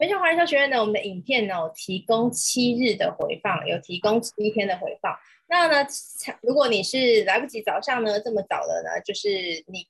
環球華人商學院呢，我們的影片呢有提供七日的回放，有提供一天的回放。那呢，如果你是來不及早上呢這麼早了呢，就是你，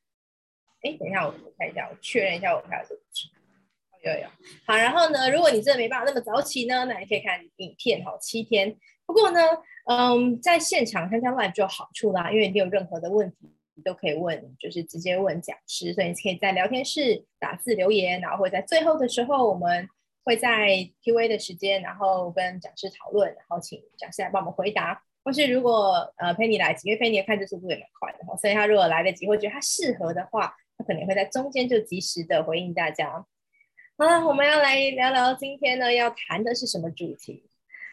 哎，等一下我看一下，我確認一下我看一下。部有有，有。好，然後呢，如果你真的沒辦法那麼早起呢，那你可以看影片哈、哦，七天。不過呢，嗯，在現場參加完就有好處啦，因為你有任何的問題你都可以問，就是直接問講師，所以你可以在聊天室打字留言，然後會在最後的時候我們。會在 Q&A 的時間，然後跟講師討論，然後請講師來幫我們回答。或是如果呃佩妮來得及，因為佩妮的看字速度也蠻快的，所以他如果來得及，會覺得他適合的話，他可能會在中間就及時的回應大家。好，啊，我們要來聊聊今天呢要談的是什麼主題。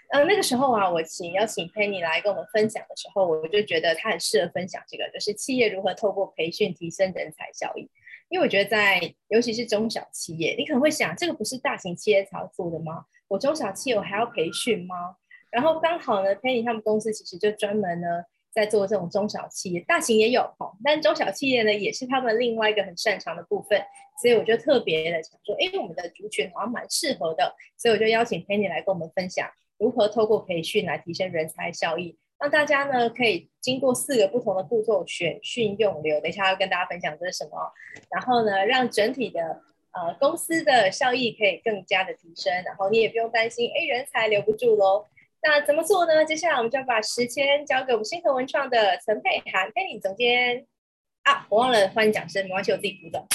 呃，那個時候啊，我請邀請佩妮來跟我們分享的時候，我就覺得他很適合分享這個，就是企業如何透過培訓提升人才效益。因為我覺得在，尤其是中小企業，你可能會想，這個不是大型企業才要做的嗎？我中小企業我還要培訓嗎？然後剛好呢，Penny 他們公司其實就專門呢在做這種中小企業，大型也有，但中小企業呢，也是他們另外一個很擅長的部分，所以我就特別的想說，哎，我們的族群好像蠻適合的，所以我就邀請 Penny 來跟我們分享如何透過培訓來提升人才效益。讓大家呢可以經過四個不同的步驟，選訓用留，等一下要跟大家分享這是什麼，然後呢讓整體的呃公司的效益可以更加的提升，然後你也不用擔心哎人才留不住嘍。那怎麼做呢？接下來我們就要把時間交給我們昕禾文創的陳姵含佩你總監啊，我忘了歡迎掌聲，沒關係，我自己鼓的。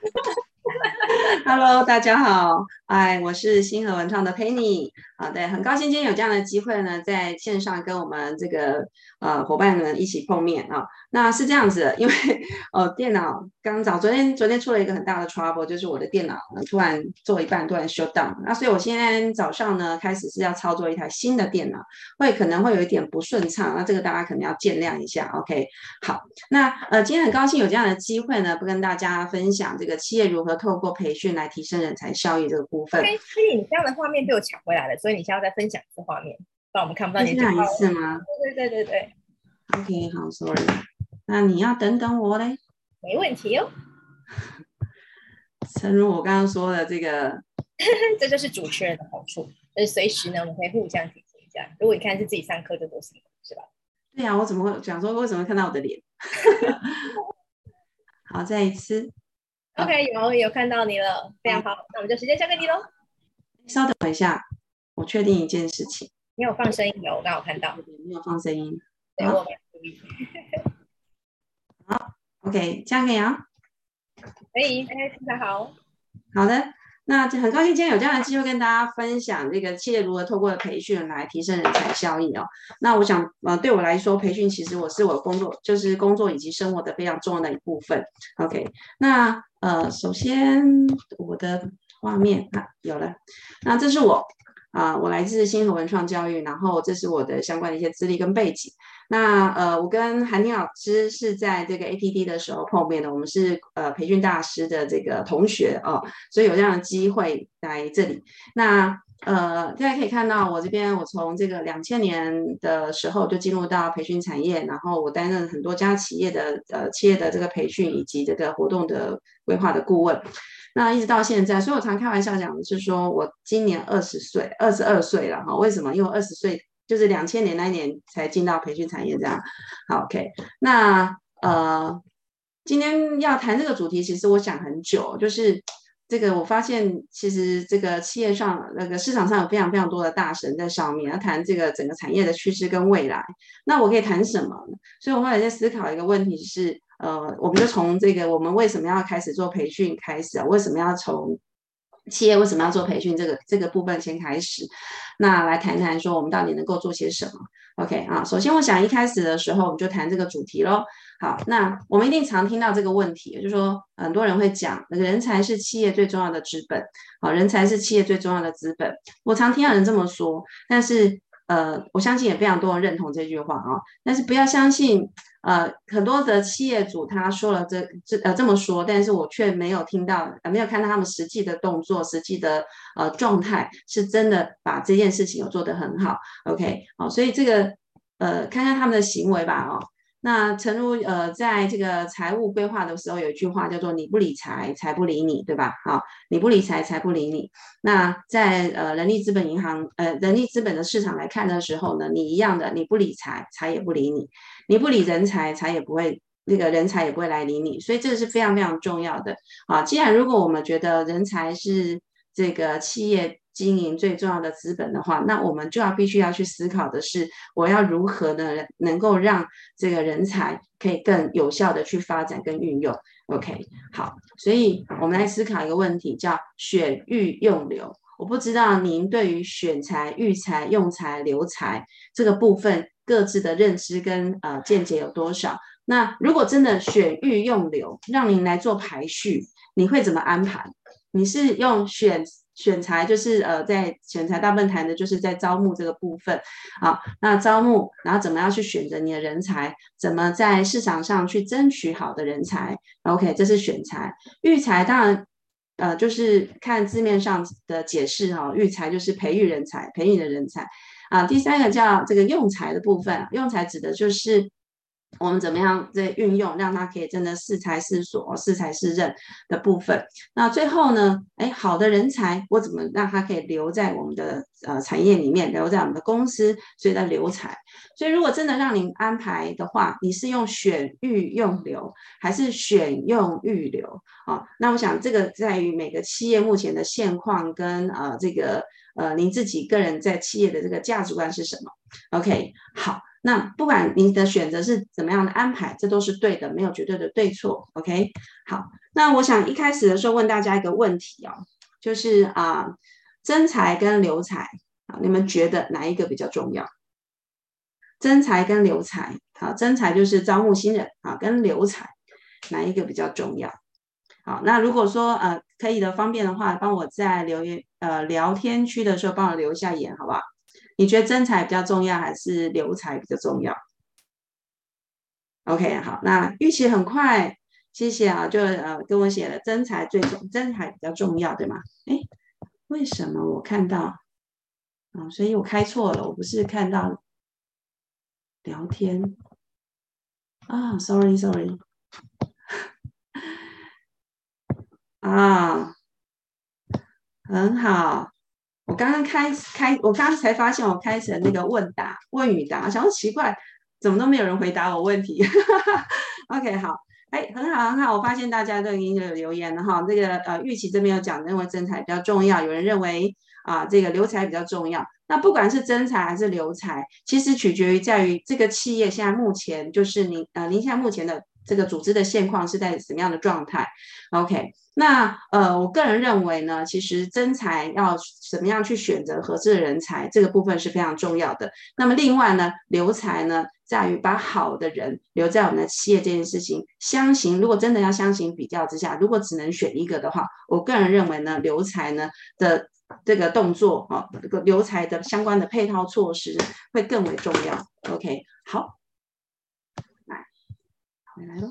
Hello，大家好，哎，我是昕禾文創的 Penny，好的、oh，對，很高興今天有這樣的機會呢，在線上跟我們這個。呃，夥伴們一起碰面啊、哦，那是這樣子的，因為呃、哦，電腦剛早昨天昨天出了一個很大的 trouble，就是我的電腦呢突然做一半突然 shut down，那、啊、所以我今天早上呢開始是要操作一台新的電腦，會可能會有一點不順暢，那、啊、這個大家可能要見諒一下，OK？好，那呃今天很高興有這樣的機會呢，不跟大家分享這個企業如何透過培訓來提升人才效益這個部分。所以、okay, 你這樣的畫面被我搶回來了，所以你現在要再分享一個畫面。那我們看不到你的講話是嗎？對對對對對。OK，好，Sorry，那你要等等我嘞，沒問題哦。誠如，我剛剛說的這個， 這就是主持人的好處，呃、就是，隨時呢我們可以互相提醒一下。如果你看是自己上課的東西是吧？對呀、啊，我怎麼會講說為什麼會看到我的臉？ 好，再一次。OK，有有看到你了，Okay. 非常好。那我們就時間交給你嘍。稍等一下，我確定一件事情。沒有放聲音有，哦，我剛有看到，沒有放聲音，等我對。好，OK，這樣可以哦，哎，哎，大家好，好的，那很高興今天有這樣的機會跟大家分享這個企業如何透過培訓來提升人才效益哦。那我想，呃，對我來說，培訓其實我是我工作就是工作以及生活的非常重要的一部分。OK，那呃，首先我的畫面啊有了，那這是我。啊、呃，我來自星河文創昕禾文創教育，然後這是我的相關的一些資歷跟背景。那呃，我跟韓寧老師是在這個 ATD 的時候碰面的，我們是呃培訓大師的這個同學哦、呃，所以有這樣的機會來這裡。那呃，大家可以看到我這邊，我從這個兩千年的時候就進入到培訓產業，然後我擔任很多家企業的呃企業的這個培訓以及這個活動的規劃的顧問。那一直到現在，所以我常開玩笑講的是說，我今年二十歲，二十二歲了哈。為什麼？因為二十歲就是兩千年那一年才進到培訓產業這樣。好，OK。那呃，今天要談這個主題，其實我想很久，就是這個我發現，其實這個企業上，那個市場上有非常非常多的大神在上面要談這個整個產業的趨勢跟未來。那我可以談什麼呢？所以我後來在思考一個問題，是。呃，我們就從這個我們為什麼要開始做培訓開始啊？為什麼要從企業為什麼要做培訓這個這個部分先開始？那來談談說我們到底能夠做些什麼？OK 啊，首先我想一開始的時候我們就談這個主題咯。好，那我們一定常聽到這個問題，就是說很多人會講，那個人才是企業最重要的資本，好，啊，人才是企業最重要的資本。我常聽到人這麼說，但是。呃，我相信也非常多人認同這句話啊、哦，但是不要相信，呃，很多的企業主他說了這這呃這麼說，但是我卻沒有聽到，沒有看到他們實際的動作，實際的呃狀態是真的把這件事情有做得很好，OK，好、哦，所以這個呃看看他們的行為吧，哦。那誠如，呃，在這個財務規劃的時候，有一句話叫做“你不理財，財不理你”，對吧？好，你不理財，財不理你。那在呃人力資本銀行，呃人力資本的市場來看的時候呢，你一樣的，你不理財，財也不理你；你不理人才，財也不會那、這個人才也不會來理你。所以這個是非常非常重要的啊！既然如果我們覺得人才是這個企業，經營最重要的資本的話，那我們就要必須要去思考的是，我要如何的能夠讓這個人才可以更有效的去發展跟運用。OK，好，所以我們來思考一個問題，叫選育用留。我不知道您對於選才、育才、用才、留才這個部分各自的認知跟呃見解有多少。那如果真的選育用留，讓您來做排序，你會怎麼安排？你是用選？選才就是呃，在選才大論壇呢，就是在招募這個部分，啊，那招募然後怎麼樣去選擇你的人才，怎麼在市場上去爭取好的人才，OK，這是選才。育才當然呃，就是看字面上的解釋哈、哦，育才就是培育人才，培育的人才。啊，第三個叫這個用才的部分，用才指的就是。我們怎麼樣在運用，讓他可以真的適才適所、適才適任的部分？那最後呢？哎，好的人才，我怎麼讓他可以留在我們的呃產業裡面，留在我們的公司？所以在留才。所以如果真的讓您安排的話，你是用選育用留，還是選用育留？啊，那我想這個在於每個企業目前的現況跟呃這個呃您自己個人在企業的這個價值觀是什麼？OK，好。那不管你的選擇是怎麼樣的安排，這都是對的，沒有絕對的對錯，OK？好，那我想一開始的時候問大家一個問題哦，就是啊，徵才跟留才，啊，你們覺得哪一個比較重要？徵才跟留才，好，啊，徵才就是招募新人啊，跟留才哪一個比較重要？好，那如果說呃可以的方便的話，幫我在留言呃聊天區的時候幫我留一下言，好不好？你覺得徵才比較重要還是留才比較重要？OK，好，那預期很快，謝謝啊，就、呃、跟我寫的徵才最重，徵才比較重要，對嗎？哎，為什麼我看到？啊、哦，所以我開錯了，我不是看到聊天啊、哦、，Sorry，Sorry，啊，很好。我剛剛開開，我剛剛才發現我開始那個問答問與答，想說奇怪，怎麼都沒有人回答我問題。 OK，好，哎，很好很好，我發現大家都已經有留言了哈。那個呃，玉琪這邊有講認為增才比較重要，有人認為啊、呃、這個留才比較重要。那不管是徵才還是留才，其實取決於在於這個企業現在目前就是您呃您現在目前的。這個組織的現況是在什麼樣的狀態？OK，那呃，我個人認為呢，其實徵才要怎麼樣去選擇合適的人才，這個部分是非常重要的。那麼另外呢，留才呢，在於把好的人留在我們的企業這件事情。相形。如果真的要相形比較之下，如果只能選一個的話，我個人認為呢，留才呢的這個動作啊，這、哦、個留才的相關的配套措施會更為重要。OK，好。來咯。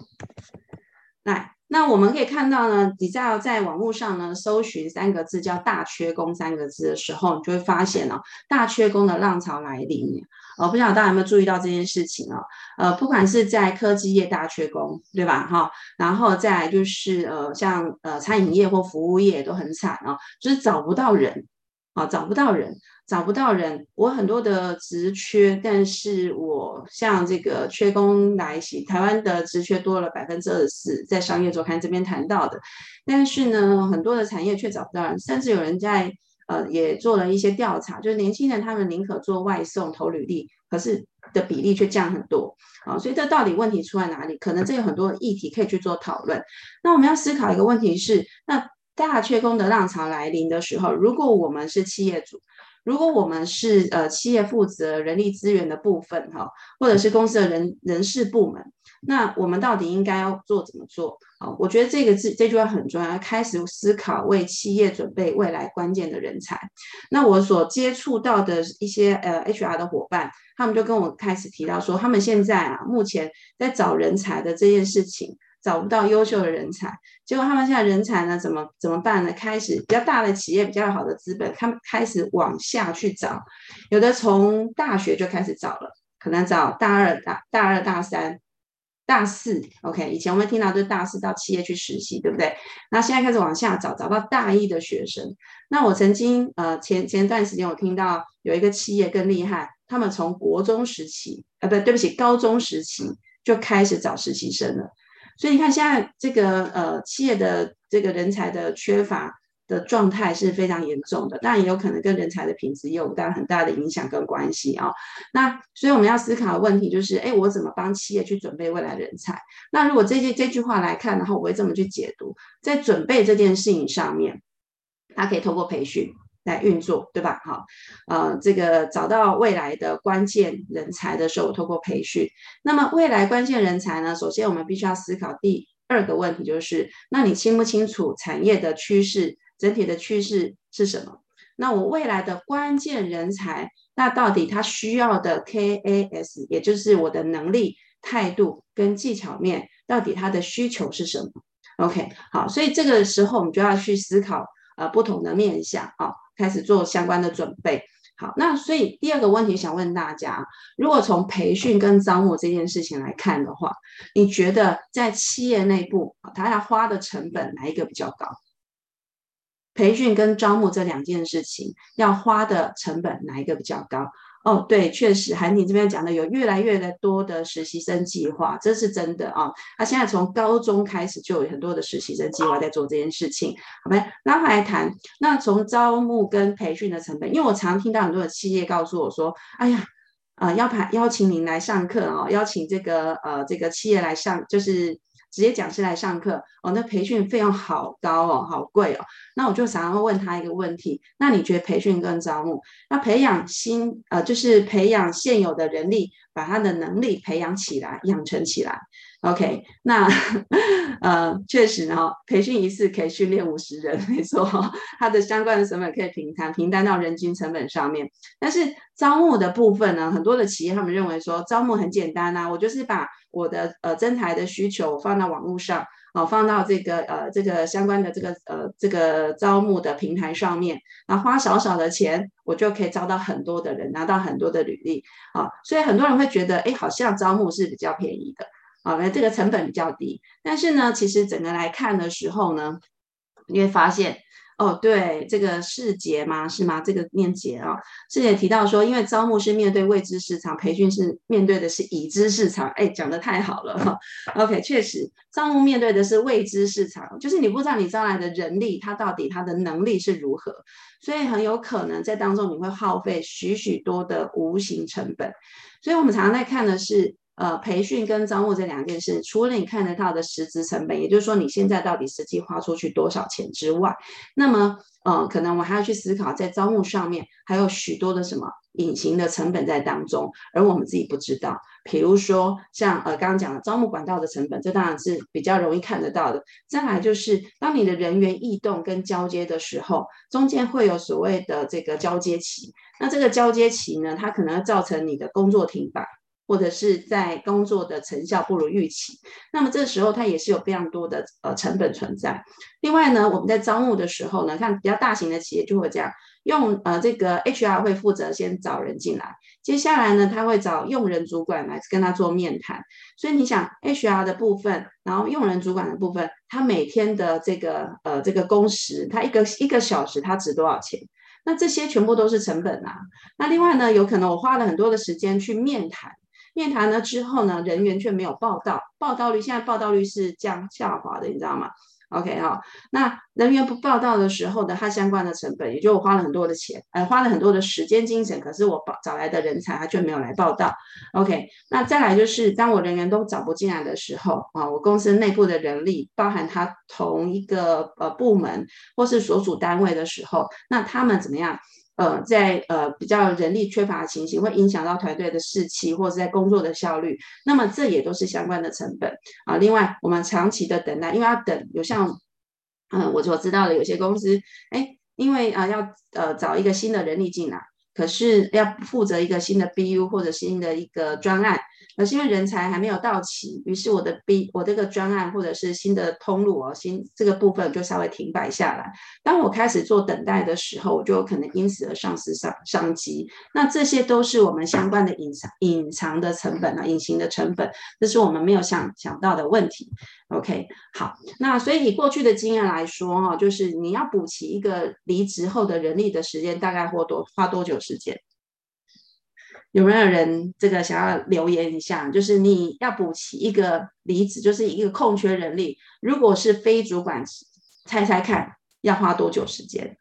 來，那我們可以看到呢，你在在網絡上呢搜尋三個字叫“大缺工”三個字的時候，你就會發現哦，大缺工的浪潮來臨。呃、哦，不知道大家有沒有注意到這件事情啊、哦？呃，不管是在科技業大缺工，對吧？哈、哦，然後再來就是呃，像呃餐飲業或服務業都很慘啊、哦，就是找不到人啊、哦，找不到人。找不到人，我很多的職缺，但是我像這個缺工來襲，台灣的職缺多了百分之二十四，在商業週刊這邊談到的，但是呢，很多的產業卻找不到人，甚至有人在呃也做了一些調查，就是年輕人他們寧可做外送投履歷，可是的比例卻降很多啊、哦，所以這到底問題出在哪裡？可能這有很多議題可以去做討論。那我們要思考一個問題是，那大缺工的浪潮來臨的時候，如果我們是企業主。如果我們是呃企業負責人力資源的部分哈、哦，或者是公司的人人事部門，那我們到底應該要做怎麼做啊、哦？我覺得這個字這句話很重要，要開始思考為企業準備未來關鍵的人才。那我所接觸到的一些呃 HR 的夥伴，他們就跟我開始提到說，他們現在啊目前在找人才的這件事情。找不到優秀的人才，結果他們現在人才呢？怎麼怎麼辦呢？開始比較大的企業，比較好的資本，他們開始往下去找，有的從大學就開始找了，可能找大二、大大二、大三、大四。OK，以前我們聽到都是大四到企業去實習，對不對？那現在開始往下找，找到大一的學生。那我曾經呃，前前段時間我聽到有一個企業更厲害，他們從國中時期啊，不、呃、對，對不起，高中時期就開始找實習生了。所以你看，現在這個呃企業的這個人才的缺乏的狀態是非常嚴重的，但也有可能跟人才的品質也有帶很大的影響跟關係啊、哦。那所以我們要思考的問題就是，哎，我怎麼幫企業去準備未來人才？那如果這句這句話來看，然後我會這麼去解讀，在準備這件事情上面，它可以透過培訓，來運作，對吧？好，呃，這個找到未來的關鍵人才的時候，我透過培訓。那麼未來關鍵人才呢？首先我們必須要思考第二個問題，就是那你清不清楚產業的趨勢，整體的趨勢是什麼？那我未來的關鍵人才，那到底他需要的 KAS，也就是我的能力、態度跟技巧面，到底他的需求是什麼？OK，好，所以這個時候我們就要去思考，呃，不同的面向啊。開始做相關的準備。好，那所以第二個問題想問大家，如果從培訓跟招募這件事情來看的話，你覺得在企業內部，它要花的成本哪一個比較高？培訓跟招募這兩件事情，要花的成本哪一個比較高？哦，oh, 對，確實，韓婷這邊講的有越來越多的實習生計劃，這是真的啊。啊，現在從高中開始就有很多的實習生計劃在做這件事情，oh. 好吧，拉回來談，那從招募跟培訓的成本，因為我常聽到很多的企業告訴我說，哎呀，呃要邀請您來上課哦，邀請這個呃這個企業來上，就是。直接講師來上課哦，那培訓費用好高哦，好貴哦。那我就想要問他一個問題：那你覺得培訓跟招募，那培養新呃，就是培養現有的人力？把他的能力培養起來、養成起來，OK 那。那呃，確實呢、哦，培訓一次可以訓練五十人，沒錯、哦，他的相關的成本可以平攤，平攤到人均成本上面。但是招募的部分呢，很多的企業他們認為說，招募很簡單啊，我就是把我的呃徵才的需求放到網絡上。哦，放到這個呃，這個相關的這個呃，這個招募的平台上面，然後花少少的錢，我就可以招到很多的人，拿到很多的履歷啊、哦。所以很多人會覺得，哎，好像招募是比較便宜的啊，那、哦、這個成本比較低。但是呢，其實整個來看的時候呢，你會發現。哦，對，這個世杰嗎？是嗎？這個念杰啊，世杰提到說，因為招募是面對未知市場，培訓是面對的是已知市場。哎，講得太好了哈、哦。OK，確實，招募面對的是未知市場，就是你不知道你招來的人力他到底他的能力是如何，所以很有可能在當中你會耗費許許多的無形成本。所以我們常常在看的是。呃，培訓跟招募這兩件事，除了你看得到的實質成本，也就是說你現在到底實際花出去多少錢之外，那麼呃，可能我們還要去思考在招募上面還有許多的什麼隱形的成本在當中，而我們自己不知道。比如說像呃，剛剛講的招募管道的成本，這當然是比較容易看得到的。再來就是，當你的人員異動跟交接的時候，中間會有所謂的這個交接期，那這個交接期呢，它可能會造成你的工作停擺。或者是在工作的成效不如預期，那麼這時候它也是有非常多的呃成本存在。另外呢，我們在招募的時候呢，看比較大型的企業就會這樣，用呃這個 HR 會負責先找人進來，接下來呢，他會找用人主管來跟他做面談。所以你想 HR 的部分，然後用人主管的部分，他每天的這個呃這個工時，他一個一個小時他值多少錢？那這些全部都是成本啦、啊。那另外呢，有可能我花了很多的時間去面談。面談了之後呢，人員卻沒有報到，報到率現在報到率是降下滑的，你知道嗎？OK 哈、哦，那人員不報到的時候的它相關的成本，也就我花了很多的錢，呃，花了很多的時間、精神，可是我找來的人才他卻沒有來報到。OK，那再來就是當我人員都找不進來的時候啊、哦，我公司內部的人力，包含他同一個呃部門或是所屬單位的時候，那他們怎麼樣？呃，在呃比較人力缺乏的情形，會影響到團隊的士氣或者在工作的效率，那麼這也都是相關的成本啊。另外，我們長期的等待，因為要等，有像嗯、呃、我所知道的有些公司，哎、欸，因為啊、呃、要呃找一個新的人力進來，可是要負責一個新的 BU 或者新的一個專案。那是因為人才還沒有到齊，於是我的 B，我這個專案或者是新的通路哦，新這個部分就稍微停擺下來。當我開始做等待的時候，我就有可能因此而喪失商商機。那這些都是我們相關的隱藏隱藏的成本啊，隱形的成本，這是我們沒有想想到的問題。OK，好，那所以以過去的經驗來說，哦，哈，就是你要補齊一個離職後的人力的時間，大概或多花多久時間？有沒有人這個想要留言一下？就是你要補齊一個離職，就是一個空缺人力。如果是非主管，猜猜看要花多久時間？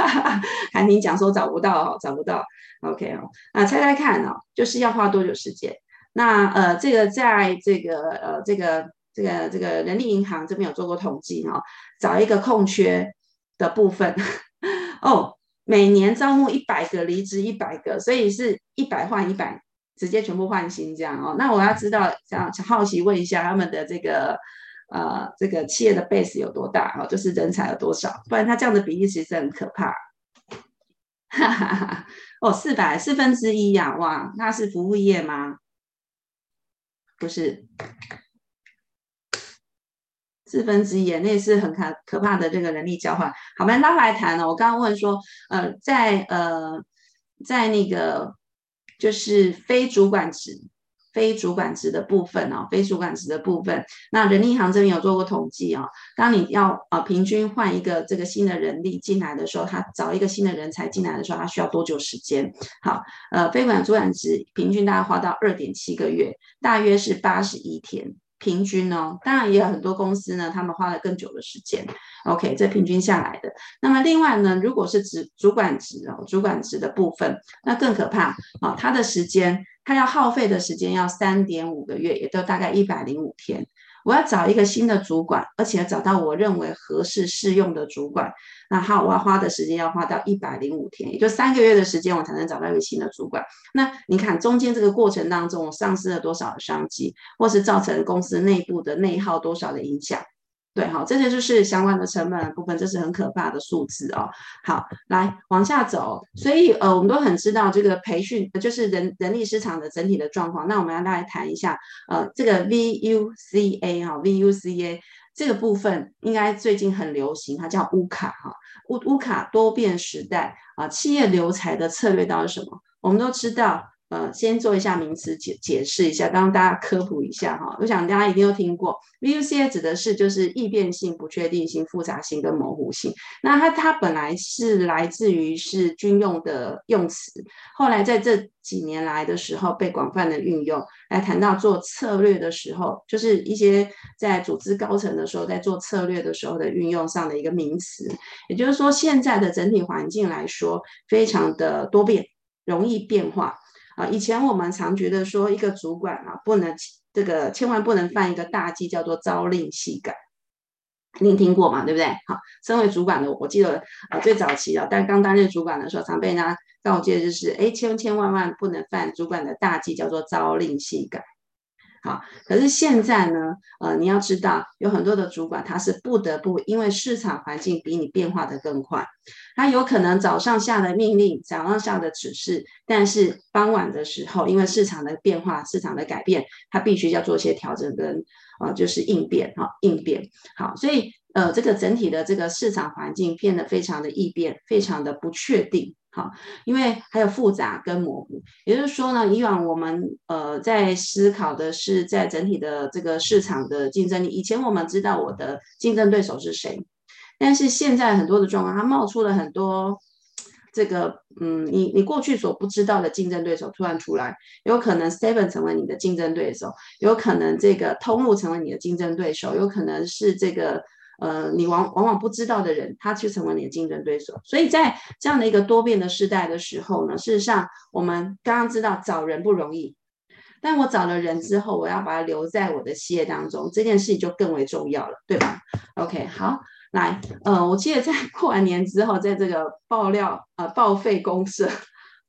韓婷講說找不到哦，找不到。OK，哦，那猜猜看哦，就是要花多久時間？那呃，這個在這個呃這個這個這個人力銀行這邊有做過統計哦，找一個空缺的部分 哦。每年招募一百個，離職一百個，所以是一百換一百，直接全部換新這樣哦。那我要知道，想好奇問一下他們的這個呃這個企業的 base 有多大哦，就是人才有多少？不然他這樣的比例其實很可怕。哈哈哈，哦，四百，四分之一呀、啊，哇，那是服務業嗎？不是。四分之一，那也是很可可怕的，這個人力交換。好吧，吧那拉回來談哦。我剛剛問說，呃，在呃在那個就是非主管職、非主管職的部分哦，非主管職的部分，那人力行，這邊有做過統計哦。當你要啊、呃、平均換一個這個新的人力進來的時候，他找一個新的人才進來的時候，他需要多久時間？好，呃，非管主管職平均大概花到二點七個月，大約是八十一天。平均呢、哦，當然也有很多公司呢，他們花了更久的時間。OK，這平均下來的。那麼另外呢，如果是職主管職哦，主管職的部分，那更可怕啊、哦！他的時間，他要耗費的時間要三點五個月，也都大概一百零五天。我要找一個新的主管，而且要找到我認為合適適用的主管，那好，我要花的時間要花到一百零五天，也就三個月的時間，我才能找到一個新的主管。那你看，中間這個過程當中，我喪失了多少的商機，或是造成公司內部的內耗多少的影響？對哈、哦，這些就是相關的成本的部分，這是很可怕的數字哦。好，來往下走，所以呃，我們都很知道這個培訓就是人人力市場的整體的狀況。那我們要來談一下呃，這個 VUCA 哈、哦，VUCA 這個部分應該最近很流行，它叫烏卡哈，烏烏卡多變時代啊、呃。企業留才的策略到底是什麼？我們都知道。呃，先做一下名詞解解釋一下，讓大家科普一下哈。我想大家一定都聽過，VUCA 指的是就是易變性、不確定性、複雜性跟模糊性。那它它本來是來自於是軍用的用詞，後來在這幾年來的時候被廣泛的運用來談到做策略的時候，就是一些在組織高層的時候在做策略的時候的運用上的一個名詞。也就是說，現在的整體環境來說，非常的多變，容易變化。啊，以前我們常覺得說，一個主管啊，不能這個千萬不能犯一個大忌，叫做朝令夕改。你聽過嗎？對不對？好，身為主管的我，記得呃最早期啊，但剛擔任主管的時候，常被人家告誡，我記得就是哎，千千萬萬不能犯主管的大忌，叫做朝令夕改。好，可是現在呢，呃，你要知道，有很多的主管他是不得不，因為市場環境比你變化的更快，他有可能早上下的命令，早上下的指示，但是傍晚的時候，因為市場的變化，市場的改變，他必須要做一些調整跟、呃、就是應變哈、哦，應變。好，所以呃，這個整體的這個市場環境變得非常的易變，非常的不確定。好，因為還有複雜跟模糊，也就是說呢，以往我們呃在思考的是在整體的這個市場的競爭力，以前我們知道我的競爭對手是誰，但是現在很多的狀況，它冒出了很多這個嗯，你你過去所不知道的競爭對手突然出來，有可能 Steven 成為你的競爭對手，有可能這個通路成為你的競爭對手，有可能是這個。呃，你往往往不知道的人，他去成為你的競爭對手。所以在這樣的一個多變的時代的時候呢，事實上我們剛剛知道找人不容易，但我找了人之後，我要把他留在我的事業當中，這件事情就更為重要了，對吧？OK，好，來，呃，我記得在過完年之後，在這個爆料呃報廢公社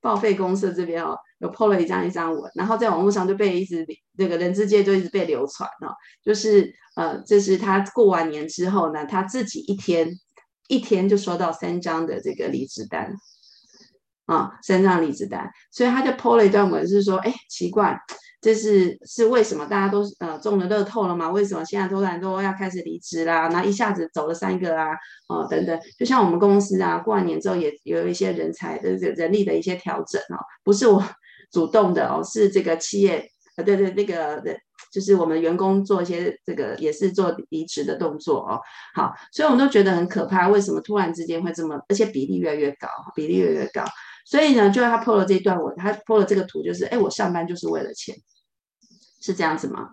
報廢公社這邊哦。又 PO 了一張一張文，然後在網絡上就被一直這個人之界就一直被流傳了，哦，就是呃，這是他過完年之後呢，他自己一天一天就收到三張的這個離職單，啊、哦，三張離職單，所以他就 PO 了一段文，是說，哎，奇怪。這是是為什麼大家都呃中了樂透了嗎？為什麼現在突然都要開始離職啦？然後一下子走了三個啊哦、呃、等等，就像我們公司啊，過完年之後也有一些人才的這、就是、人力的一些調整哦，不是我主動的哦，是這個企業呃，對對，對那個的就是我們員工做一些這個也是做離職的動作哦，好，所以我們都覺得很可怕，為什麼突然之間會這麼，而且比例越來越高，比例越來越高，所以呢，就他 PO 了這一段文，他 PO 了這個圖，就是哎我上班就是為了錢。是這樣子嗎？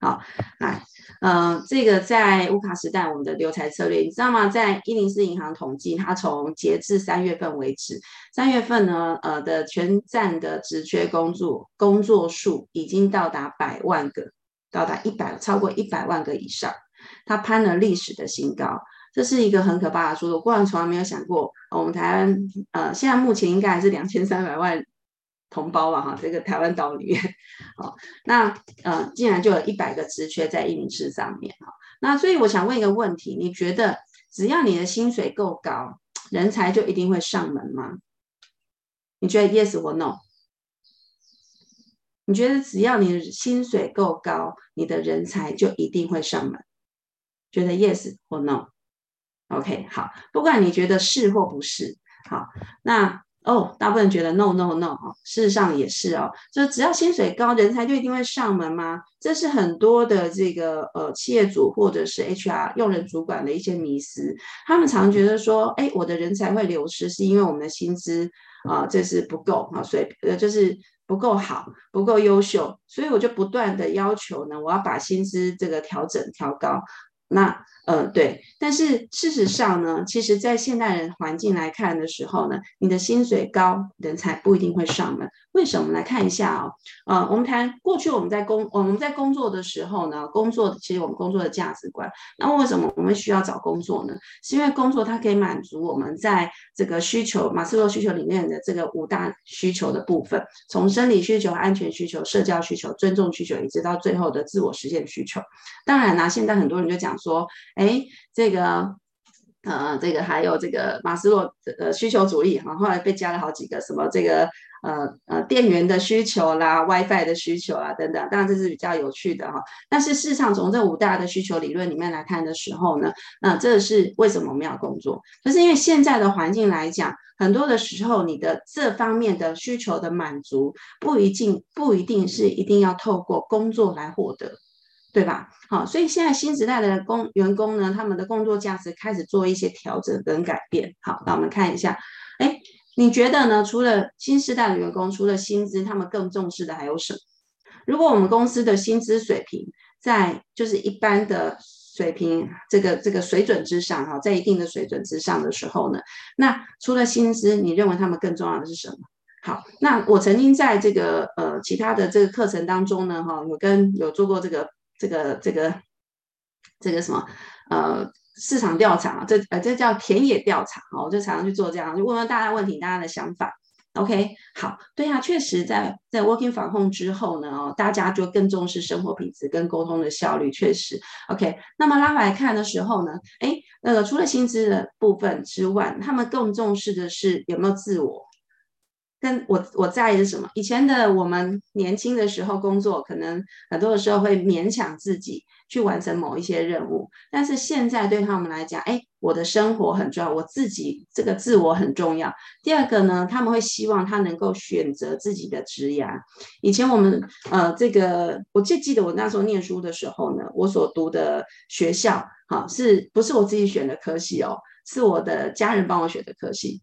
好，來，呃，這個在烏卡時代，我們的留才策略，你知道嗎？在一零四銀行統計，它從截至三月份為止，三月份呢，呃的全站的職缺工作工作數已經到達百萬個，到達一百超過一百萬個以上，它攀了歷史的新高，這是一個很可怕的數字，我過往從來沒有想過，呃，我們台灣，呃，現在目前應該還是兩千三百萬。同胞啊，哈，這個台灣島嶼，好，那呃，竟然就有一百個職缺在一名試上面，那所以我想問一個問題，你覺得只要你的薪水夠高，人才就一定會上門嗎？你覺得 yes 或 no？你覺得只要你的薪水夠高，你的人才就一定會上門？覺得 yes 或 no？OK，okay, 好，不管你覺得是或不是，好，那。哦，oh, 大部分人覺得 no no no 哦，事實上也是哦，就只要薪水高，人才就一定會上門嗎？這是很多的這個呃企業主或者是 HR 用人主管的一些迷思，他們常覺得說，哎，我的人才會流失，是因為我們的薪資啊，呃，這是不夠啊，所以呃，就是不夠好，不夠優秀，所以我就不斷地要求呢，我要把薪資這個調整調高。那呃對，但是事實上呢，其實在現代人環境來看的時候呢，你的薪水高，人才不一定會上門。為什麼？來看一下哦，呃，我們談過去我們在工我們在工作的時候呢，工作，其實我們工作的價值觀。那為什麼我們需要找工作呢？是因為工作它可以滿足我們在這個需求，馬斯洛需求裡面的這個五大需求的部分，從生理需求、安全需求、社交需求、尊重需求，一直到最後的自我實現需求。當然啦，現在很多人就講。說，哎，這個，呃，這個還有這個馬斯洛的呃需求主義哈，後，後來被加了好幾個什麼這個呃呃電源的需求啦、WiFi 的需求啦等等，當然這是比較有趣的哈。但是事實上從這五大的需求理論裡面來看的時候呢，那、呃、這是為什麼我們要工作？就是因為現在的環境來講，很多的時候你的這方面的需求的滿足不一定，不一定是一定要透過工作來獲得。對吧？好，所以現在新時代的工員工呢，他們的工作價值開始做一些調整跟改變。好，那我們看一下，哎，你覺得呢？除了新時代的員工，除了薪資，他們更重視的還有什麼？如果我們公司的薪資水平在，就是一般的水平，這個這個水準之上，哈，在一定的水準之上的時候呢，那除了薪資，你認為他們更重要的是什麼？好，那我曾經在這個，呃，其他的這個課程當中呢，哈、哦，有跟有做過這個。這個這個這個什麼呃市場調查，這呃這叫田野調查啊、哦，我就常常去做這樣，就問問大家問題，大家的想法。OK，好，對呀、啊，確實在在 working from home 之後呢，哦，大家就更重視生活品質跟溝通的效率，確實。OK，那麼拉回來看的時候呢，誒，那、呃、個除了薪資的部分之外，他們更重視的是有沒有自我。但我我在意的是什麼？以前的我們年輕的時候工作，可能很多的時候會勉強自己去完成某一些任務。但是現在對他們來講，哎，我的生活很重要，我自己這個自我很重要。第二個呢，他們會希望他能夠選擇自己的職涯。以前我們呃，這個我最記得我那時候念書的時候呢，我所讀的學校，好，啊，是不是我自己選的科系哦？是我的家人幫我選的科系。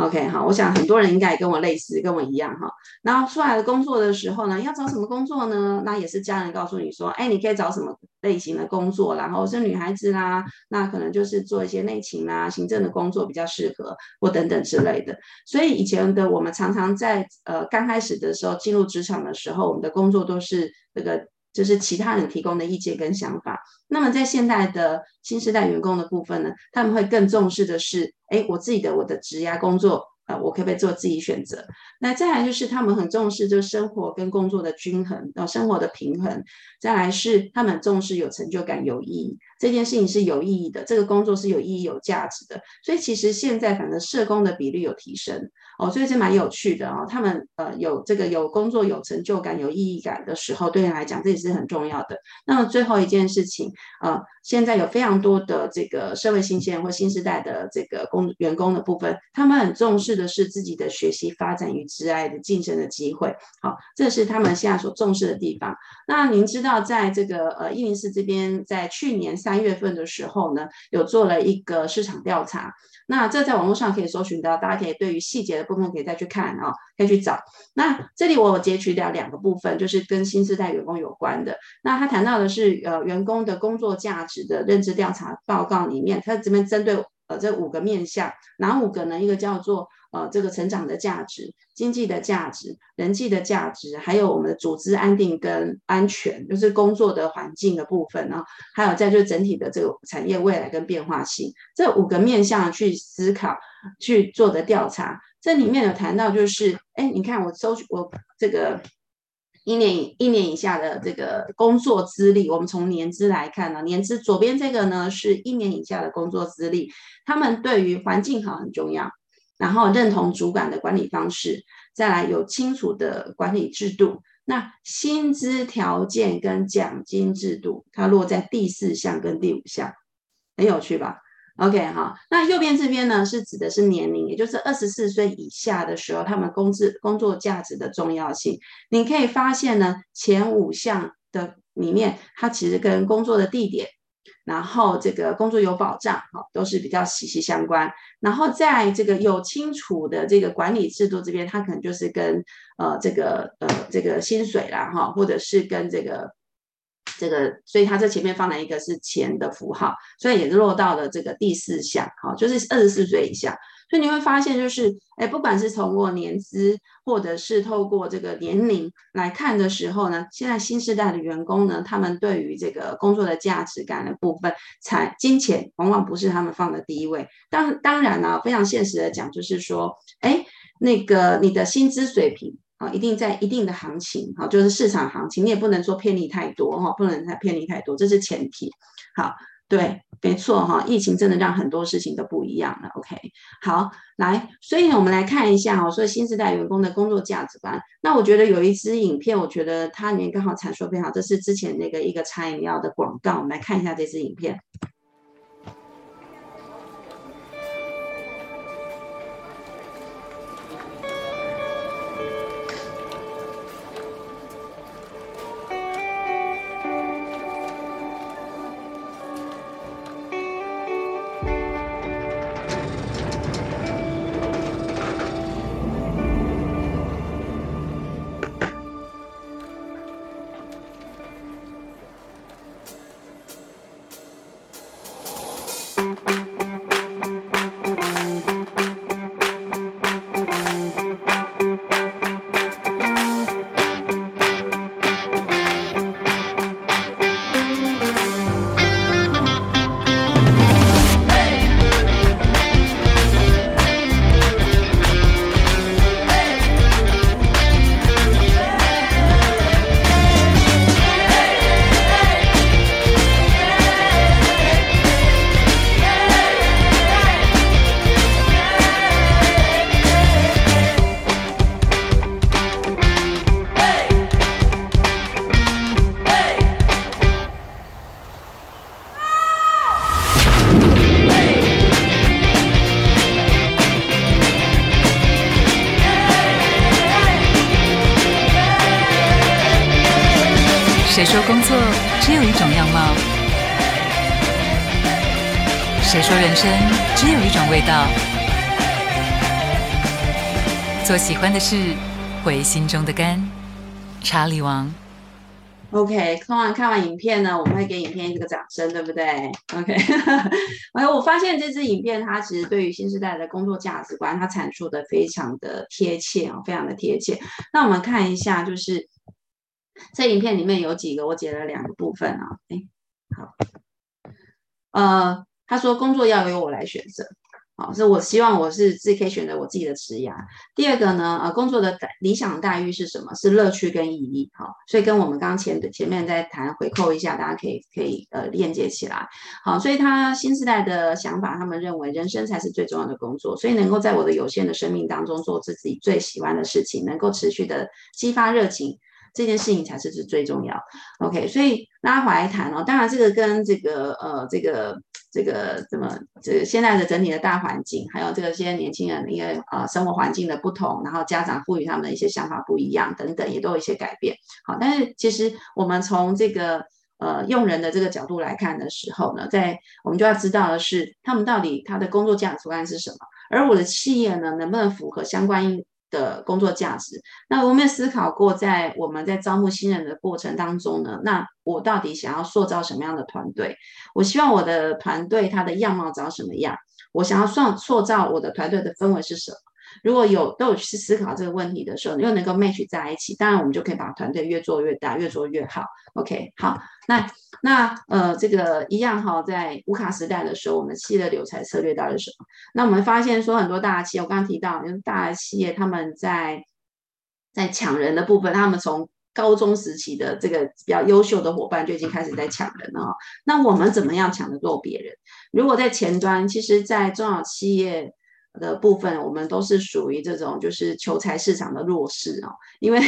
OK，好，我想很多人應該也跟我類似，跟我一樣哈。然後出來的工作的時候呢，要找什麼工作呢？那也是家人告訴你說，哎，你可以找什麼類型的工作？然後是女孩子啦，那可能就是做一些內勤啦、行政的工作比較適合，或等等之類的。所以以前的我們常常在呃剛開始的時候進入職場的時候，我們的工作都是這個。就是其他人提供的意見跟想法。那麼在現代的新世代員工的部分呢，他們會更重視的是，哎，我自己的我的職涯工作，呃，我可不可以做自己選擇？那再來就是他們很重視，就是生活跟工作的均衡，呃，生活的平衡。再來是他們重視有成就感、有意義，這件事情是有意義的，這個工作是有意義、有價值的。所以其實現在反正社工的比例有提升。哦，所以是蠻有趣的哦。他們呃有這個有工作有成就感有意義感的時候，對你來講，這也是很重要的。那麼最後一件事情，呃，現在有非常多的這個社會新鮮人或新世代的這個工員工的部分，他們很重視的是自己的學習發展與職涯的晉升的機會。好、哦，這是他們現在所重視的地方。那您知道，在這個呃一零四這邊，在去年三月份的時候呢，有做了一個市場調查。那這在網絡上可以搜尋到，大家可以對於細節的。部分可以再去看啊、哦，可以去找。那這裡我有截取掉兩個部分，就是跟新世代員工有關的。那他談到的是呃，員工的工作價值的認知調查報告裡面，他這邊針對呃這五個面向，哪五個呢？一個叫做呃這個成長的價值、經濟的價值、人際的價值，還有我們的組織安定跟安全，就是工作的環境的部分啊。然後還有再就整體的這個產業未來跟變化性，這五個面向去思考、去做的調查。這裡面有談到，就是哎，你看我收取我這個一年，一年以下的這個工作資歷，我們從年資來看呢，年資左邊這個呢是一年以下的工作資歷，他們對於環境好很重要，然後認同主管的管理方式，再來有清楚的管理制度，那薪資條件跟獎金制度，它落在第四項跟第五項，很有趣吧？OK，好，那右邊這邊呢，是指的是年齡，也就是二十四歲以下的時候，他們工資、工作價值的重要性。你可以發現呢，前五項的裡面，它其實跟工作的地點，然後這個工作有保障，哈，都是比較息息相關。然後在這個有清楚的這個管理制度這邊，它可能就是跟呃這個呃這個薪水啦，哈，或者是跟這個。這個，所以他這前面放了一個是錢的符號，所以也是落到了這個第四項，哈、哦，就是二十四歲以下。所以你會發現，就是，哎，不管是通過年資，或者是透過這個年齡來看的時候呢，現在新世代的員工呢，他們對於這個工作的價值感的部分，財金錢往往不是他們放的第一位。當當然呢、啊，非常現實的講，就是說，哎，那個你的薪資水平。啊、哦，一定在一定的行情，哈、哦，就是市場行情，你也不能說偏離太多，哈、哦，不能太偏離太多，這是前提。好，對，沒錯，哈、哦，疫情真的讓很多事情都不一樣了。OK，好，來，所以我們來看一下哦，所以新時代員工的工作價值觀。那我覺得有一支影片，我覺得它裡面剛好闡述非常好，這是之前那個一個茶飲料的廣告，我們來看一下這支影片。喜歡的是回心中的肝，查理王。OK，看完看完影片呢，我們會給影片一個掌聲，對不對？OK，哎， 我發現這支影片它其實對於新時代的工作價值觀，它闡述的非常的貼切啊、哦，非常的貼切。那我們看一下，就是這影片裡面有幾個，我解了兩個部分啊、哦。哎，好，呃，他說工作要由我來選擇。好，所以我希望我是自己可以選擇我自己的職業。第二個呢，呃，工作的理想待遇是什麼？是樂趣跟意義。好、哦，所以跟我們剛剛前的前面在談回扣一下，大家可以可以呃鏈接起來。好，所以他新時代的想法，他們認為人生才是最重要的工作。所以能夠在我的有限的生命當中做自己最喜歡的事情，能夠持續的激發熱情，這件事情才是最最重要。OK，所以拉回來談哦。當然，這個跟這個呃這個。這個怎麼？這個、現在的整體的大環境，還有這個些年輕人，因為呃生活環境的不同，然後家長賦予他們一些想法不一樣，等等也都有一些改變。好，但是其實我們從這個呃用人的這個角度來看的時候呢，在我們就要知道的是，他們到底他的工作價值觀是什麼？而我的企業呢，能不能符合相關？的工作價值，那我有沒有思考過，在我們在招募新人的過程當中呢？那我到底想要塑造什麼樣的團隊？我希望我的團隊它的樣貌長什麼樣？我想要算塑造我的團隊的氛圍是什麼？如果有都有去思考這個問題的時候，又能夠 match 在一起，當然我們就可以把團隊越做越大，越做越好。OK，好，那那呃，這個一樣哈、哦，在烏卡時代的時候，我們企業的留才策略到底是什麼？那我們發現說很多大的企業，我剛剛提到，因為大的企業他們在在搶人的部分，他們從高中時期的這個比較優秀的夥伴就已經開始在搶人了、哦。那我們怎麼樣搶得過別人？如果在前端，其實，在中小企業。的部分，我們都是屬於這種就是求才市場的弱勢哦，因為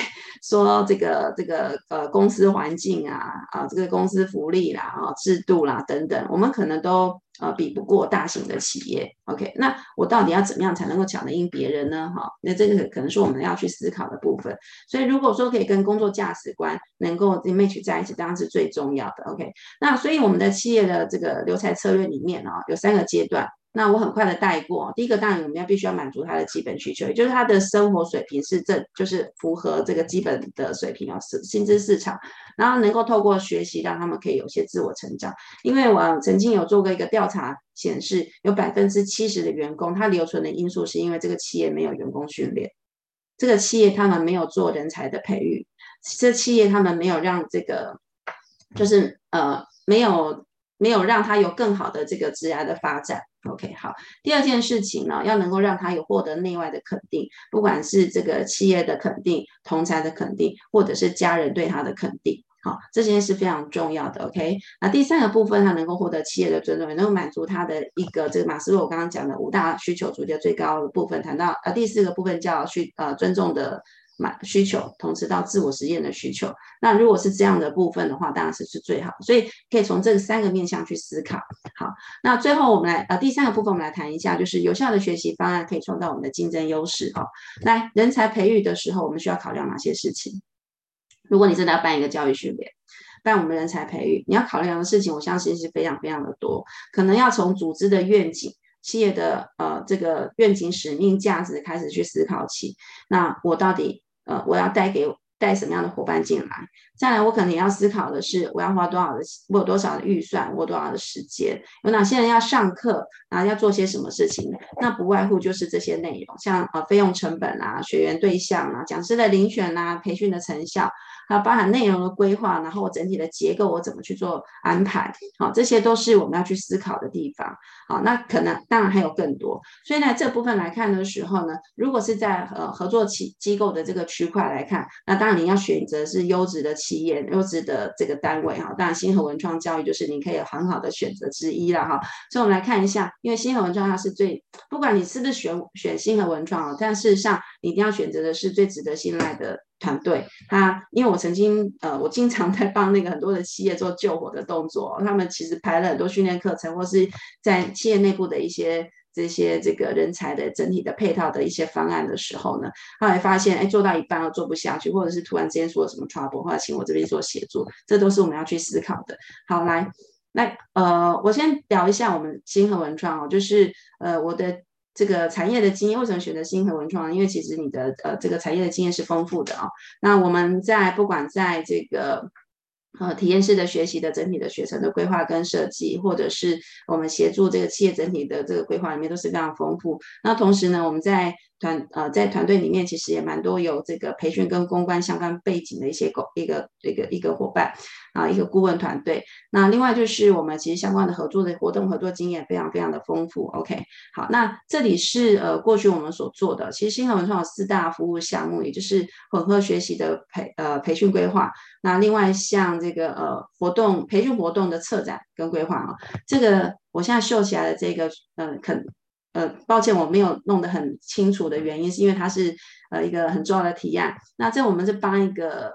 說這個這個呃公司環境啊，啊這個公司福利啦，啊制度啦等等，我們可能都呃比不過大型的企業。OK，那我到底要怎麼樣才能夠搶得贏別人呢？哈、哦，那這個可能是我們要去思考的部分。所以如果說可以跟工作價值觀能夠 match 在一起，當然是最重要的。OK，那所以我們的企業的這個留才策略裡面啊、哦，有三個階段。那我很快的帶過，第一個當然我們要必須要滿足他的基本需求，也就是他的生活水平是正，就是符合這個基本的水平哦，是薪資市場，然後能夠透過學習讓他們可以有些自我成長。因為我曾經有做過一個調查顯示，有百分之七十的員工他留存的因素是因為這個企業沒有員工訓練，這個企業他們沒有做人才的培育，這企業他們沒有讓這個就是呃沒有。沒有讓他有更好的這個職涯的發展。OK，好，第二件事情呢、啊，要能夠讓他有獲得內外的肯定，不管是這個企業的肯定、同儕的肯定，或者是家人對他的肯定。好，這些是非常重要的。OK，那第三個部分，他能夠獲得企業的尊重，也能夠滿足他的一個這個馬斯洛我剛剛講的五大需求中的最高的部分。談到呃，第四個部分叫需呃尊重的滿需求，同時到自我實驗的需求。那如果是這樣的部分的話，當然是是最好。所以可以從這三個面向去思考。好，那最後我們來呃第三個部分，我們來談一下，就是有效的學習方案可以創造我們的競爭優勢哦。來人才培育的時候，我們需要考量哪些事情？如果你真的要辦一個教育訓練，辦我們人才培育，你要考量的事情，我相信是非常非常的多。可能要從組織的願景。企業的呃這個願景、使命、價值開始去思考起，那我到底呃我要帶給帶什麼樣的夥伴進來？再來，我可能也要思考的是，我要花多少的，我有多少的預算，我有多少的時間，有哪些人要上課，然後要做些什麼事情？那不外乎就是這些內容，像呃費用成本啊、學員對象啊、講師的遴選啊、培訓的成效。啊，包含內容的規劃，然後我整體的結構我怎麼去做安排，好、哦，這些都是我們要去思考的地方。好、哦，那可能當然還有更多。所以呢，這部分來看的時候呢，如果是在呃合作企機構的這個區塊來看，那當然你要選擇是優質的企業、優質的這個單位啊、哦。當然，昕禾文創教育就是你可以很好的選擇之一了哈、哦。所以我們來看一下，因為昕禾文創它是最，不管你是不是選選昕禾文創哦，但事實上你一定要選擇的是最值得信賴的。團隊，他因為我曾經呃，我經常在幫那個很多的企業做救火的動作，他們其實排了很多訓練課程，或是在企業內部的一些這些這個人才的整體的配套的一些方案的時候呢，後來發現哎，做到一半又做不下去，或者是突然之間說了什麼 trouble，或者請我這邊做協助，這都是我們要去思考的。好，來，那呃，我先聊一下我們昕禾文創哦，就是呃，我的。這個產業的經驗，為什麼選擇昕禾文創呢？因為其實你的呃這個產業的經驗是豐富的啊、哦。那我們在不管在這個呃體驗式的學習的整體的學程的規劃跟設計，或者是我們協助這個企業整體的這個規劃裡面都是非常豐富。那同時呢，我們在團呃，在團隊裡面其實也蠻多有這個培訓跟公關相關背景的一些個一個一、這個一個夥伴啊，一個顧問團隊。那另外就是我們其實相關的合作的活動合作經驗非常非常的豐富。OK，好，那這裡是呃過去我們所做的，其實昕禾文創有四大服務項目，也就是混合學習的培呃培訓規劃。那另外像這個呃活動培訓活動的策展跟規劃啊，這個我現在秀起來的這個嗯、呃、肯。呃，抱歉，我沒有弄得很清楚的原因，是因為它是呃一個很重要的提案。那這我們是幫一個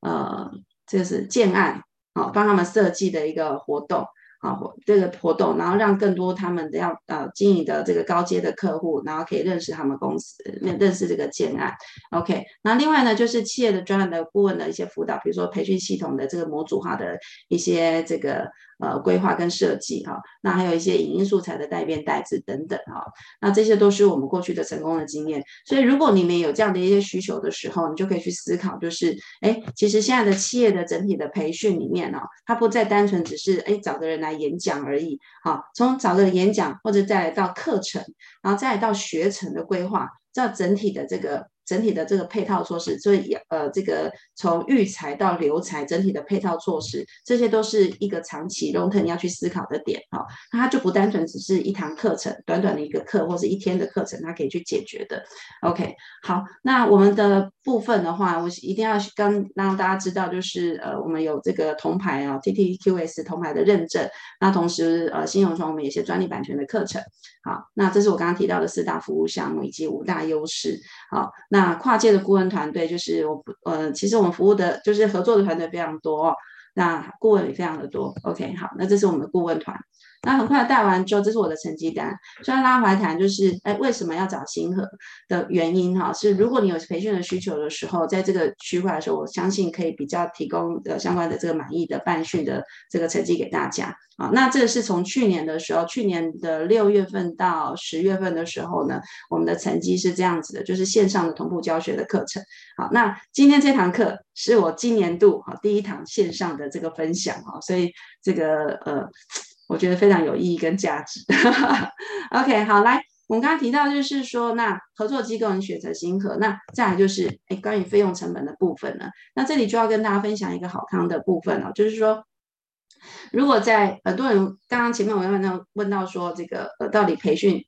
呃，這個是建案，啊、哦，幫他們設計的一個活動，啊，這個活動，然後讓更多他們的要呃經營的這個高階的客戶，然後可以認識他們公司，認認識這個建案。OK，那另外呢，就是企業的專業的顧問的一些輔導，比如說培訓系統的這個模組化的一些這個。呃，規劃跟設計哈、哦，那還有一些影音素材的代編代制等等哈、哦，那這些都是我們過去的成功的經驗。所以，如果你們有這樣的一些需求的時候，你就可以去思考，就是，哎，其實現在的企業的整體的培訓裡面哦，它不再單純只是哎找個人來演講而已，好、哦，從找個人演講，或者再來到課程，然後再來到學程的規劃，到整體的這個。整體的這個配套措施，所以呃，這個從育才到留才，整體的配套措施，這些都是一個長期 long term 要去思考的點啊、哦。那它就不單純只是一堂課程，短短的一個課或是一天的課程，它可以去解決的。OK，好，那我們的部分的話，我一定要剛讓大家知道，就是呃，我們有這個銅牌啊、哦、，T T Q S 銅牌的認證。那同時呃，昕禾文創我們有些專利版權的課程。好，那這是我剛剛提到的四大服務項目以及五大優勢。好，那跨界的顧問團隊就是我，呃，其實我們服務的就是合作的團隊非常多，那顧問也非常的多。OK，好，那這是我們的顧問團。那很快的帶完之後，這是我的成績單。所以拉回談就是，哎，為什麼要找昕禾的原因哈、啊？是如果你有培訓的需求的時候，在這個區塊的時候，我相信可以比較提供呃相關的這個滿意的辦訓的這個成績給大家啊。那這是從去年的時候，去年的六月份到十月份的時候呢，我們的成績是這樣子的，就是線上的同步教學的課程。好，那今天這堂課是我今年度哈第一堂線上的這個分享哈，所以這個呃。我覺得非常有意義跟價值。 OK，好，來，我們剛剛提到就是說，那合作機構你選擇昕禾，那再來就是，哎，關於費用成本的部分了。那這裡就要跟大家分享一個好康的部分了、哦，就是說，如果在很多人剛剛前面我有問到問到說這個呃到底培訓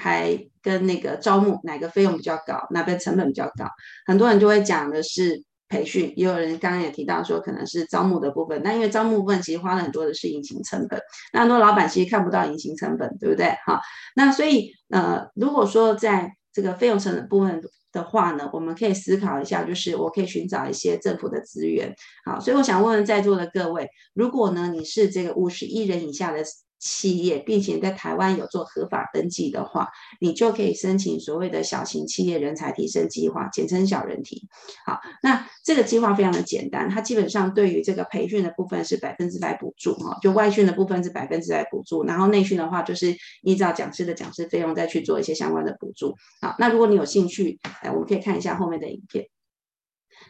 還跟那個招募哪個費用比較高，哪個成本比較高，很多人就會講的是。培訓也有人剛剛也提到說，可能是招募的部分。那因為招募部分其實花了很多的是隱形成本，那很多老闆其實看不到隱形成本，對不對？好，那所以呃，如果說在這個費用成本部分的話呢，我們可以思考一下，就是我可以尋找一些政府的資源。好，所以我想問問在座的各位，如果呢你是這個五十一人以下的。企業，並且在台灣有做合法登記的話，你就可以申請所謂的小型企業人才提升計劃，簡稱小人提。好，那這個計劃非常的簡單，它基本上對於這個培訓的部分是百分之百補助哈，就外訓的部分是百分之百補助，然後內訓的話就是依照講師的講師費用再去做一些相關的補助。好，那如果你有興趣，哎，我們可以看一下後面的影片。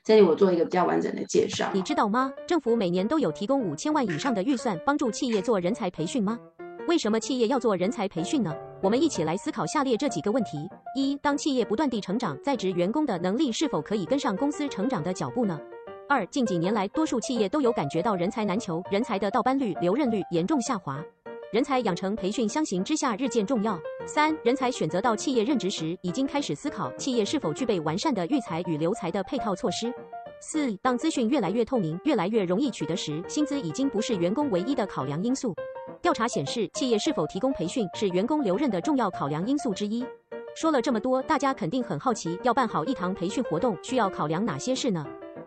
這裡我做一個比較完整的介紹，你知道嗎？政府每年都有提供五千萬以上的預算，幫助企業做人才培訓嗎？為什麼企業要做人才培訓呢？我們一起來思考下列這幾個問題：一、當企業不斷地成長，在職員工的能力是否可以跟上公司成長的腳步呢？二、近幾年來，多數企業都有感覺到人才難求，人才的到班率、留任率嚴重下滑。人才養成培訓相形之下日漸重要。三、人才選擇到企業任職時，已經開始思考企業是否具備完善的育才與留才的配套措施。四、當資訊越來越透明、越來越容易取得時，薪資已經不是員工唯一的考量因素。調查顯示，企業是否提供培訓是員工留任的重要考量因素之一。說了這麼多，大家肯定很好奇，要辦好一堂培訓活動，需要考量哪些事呢？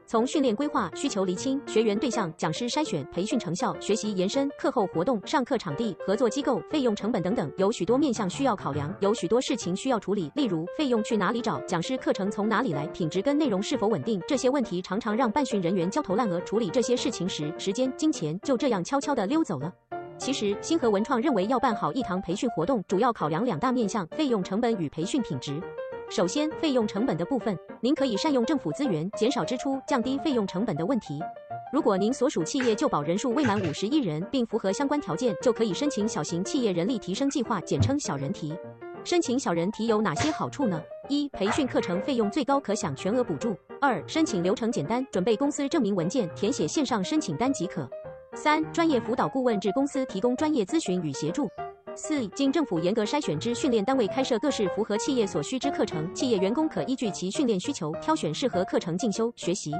從訓練規劃、需求釐清、學員對象、講師篩選、培訓成效、學習延伸、課後活動、上課場地、合作機構、費用成本等等，有許多面向需要考量，有許多事情需要處理。例如費用去哪裡找、講師課程從哪裡來、品質跟內容是否穩定，這些問題常常讓辦訓人員焦頭爛額。處理這些事情時，時間、金錢就這樣悄悄地溜走了。其實，昕禾文創認為，要辦好一堂培訓活動，主要考量兩大面向：費用成本與培訓品質。首先，費用成本的部分，您可以善用政府資源，減少支出，降低費用成本的問題。如果您所屬企業就保人數未滿五十一人，並符合相關條件，就可以申請小型企業人力提升計劃，簡稱小人提。申請小人提有哪些好處呢？一、培訓課程費用最高可享全額補助；二、申請流程簡單，準備公司證明文件，填寫線上申請單即可；三、專業輔導顧問至公司提供專業諮詢與協助。四、經政府嚴格篩選之訓練單位開設各式符合企業所需之課程，企業員工可依據其訓練需求挑選適合課程進修學習。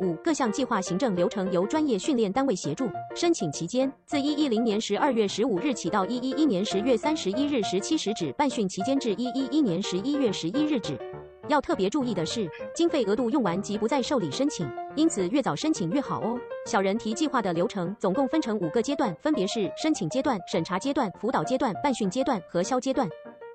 五、各項計劃行政流程由專業訓練單位協助，申請期間自一一零年十二月十五日起到一一一年十月三十一日十七時止，辦訓期間至一一一年十一月十一日止。要特別注意的是，經費額度用完即不再受理申請，因此越早申請越好哦。小人提計劃的流程總共分成五個階段，分別是申請階段、審查階段、輔導階段、辦訓階段、核銷階段。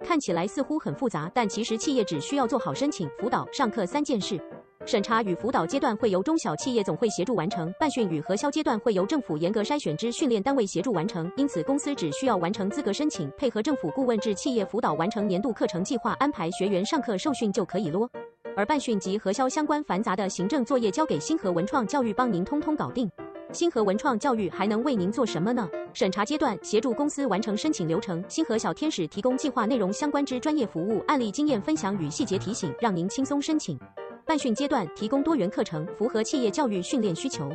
看起來似乎很複雜，但其實企業只需要做好申請、輔導、上課三件事。審查與輔導階段會由中小企業總會協助完成，辦訓與核銷階段會由政府嚴格篩選之訓練單位協助完成。因此，公司只需要完成資格申請，配合政府顧問制企業輔導完成年度課程計劃安排學員上課受訓就可以咯。而辦訓及核銷相關繁雜的行政作業交給昕禾文創教育幫您通通搞定。昕禾文創教育還能為您做什麼呢？審查階段協助公司完成申請流程，昕禾小天使提供計劃內容相關之專業服務、案例經驗分享與細節提醒，讓您輕鬆申請。辦訓階段提供多元課程，符合企業教育訓練需求；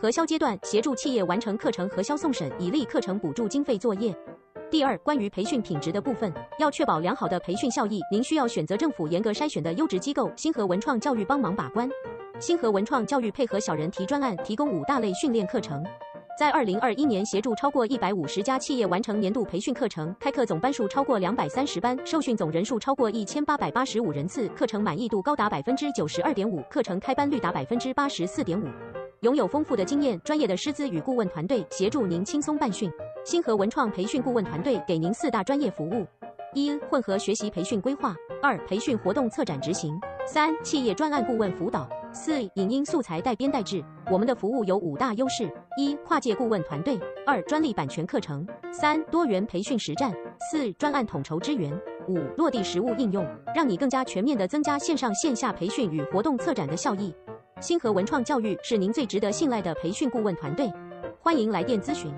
核銷階段協助企業完成課程核銷送審，以利課程補助經費作業。第二，關於培訓品質的部分，要確保良好的培訓效益，您需要選擇政府嚴格篩選的優質機構，昕禾文創教育幫忙把關。昕禾文創教育配合小人提專案，提供五大類訓練課程。在二零二一年，協助超過一百五十家企業完成年度培訓課程，開課總班數超過兩百三十班，受訓總人數超過一千八百八十五人次，課程滿意度高達百分之九十二點五，課程開班率達百分之八十四點五。擁有豐富的經驗、專業的師資與顧問團隊，協助您輕鬆辦訓。昕禾文創培訓顧問團隊給您四大專業服務：一、混合學習培訓規劃；二、培訓活動策展執行；三、企業專案顧問輔導；四、影音素材帶編帶製。我們的服務有五大優勢。一、跨界顧問團隊，二、專利版權課程，三、多元培訓實戰，四、專案統籌支援，五、落地實務應用，讓你更加全面的增加線上線下培訓與活動策展的效益。昕禾文創教育是您最值得信賴的培訓顧問團隊，歡迎來電諮詢。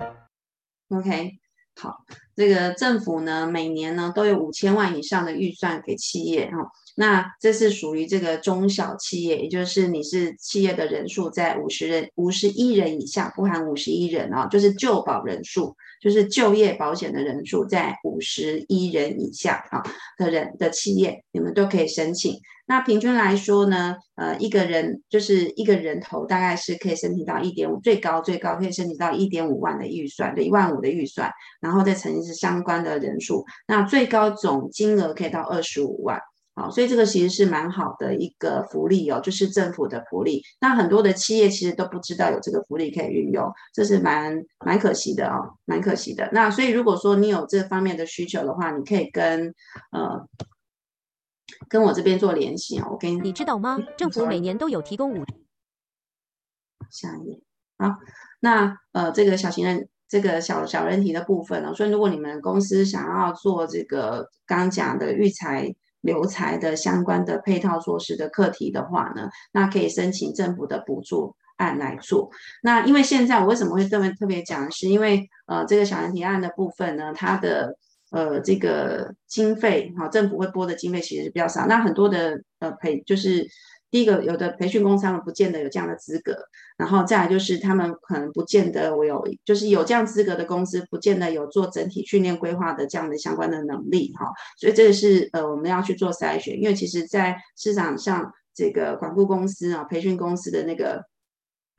OK。好，這個政府呢，每年呢都有五千萬以上的預算給企業哦。那這是屬於這個中小企業，也就是你是企業的人數在五十人、五十一人以下，不含五十一人哦，就是就保人數。就是就業保險的人數在五十一人以下啊的人的企業，你們都可以申請。那平均來說呢，呃，一個人就是一個人頭，大概是可以申請到一點五，最高最高可以申請到一點五萬的預算，對一萬五的預算，然後再乘以是相關的人數，那最高總金額可以到二十五萬。好，所以這個其實是蠻好的一個福利哦，就是政府的福利。那很多的企業其實都不知道有這個福利可以運用，這是蠻蠻可惜的哦，蠻可惜的。那所以如果說你有這方面的需求的話，你可以跟呃跟我這邊做聯繫哦。我跟你，你知道嗎？政府每年都有提供五。下一頁，好，那呃，這個小型人，這個小小人體的部分哦，所以如果你們公司想要做這個剛剛講的育才。留才的相關的配套措施的課題的話呢，那可以申請政府的補助案來做。那因為現在我為什麼會特別特別講，是因為呃這個小型提案的部分呢，它的呃這個經費哈、啊，政府會撥的經費其實是比較少，那很多的呃賠，就是。第一個，有的培訓公司他們，不見得有這樣的資格；然後再來就是，他們可能不見得我有，就是有這樣資格的公司，不見得有做整體訓練規劃的這樣的相關的能力哈、哦。所以這個是呃，我們要去做篩選，因為其實在市場上，這個廣告公司啊、呃，培訓公司的那個。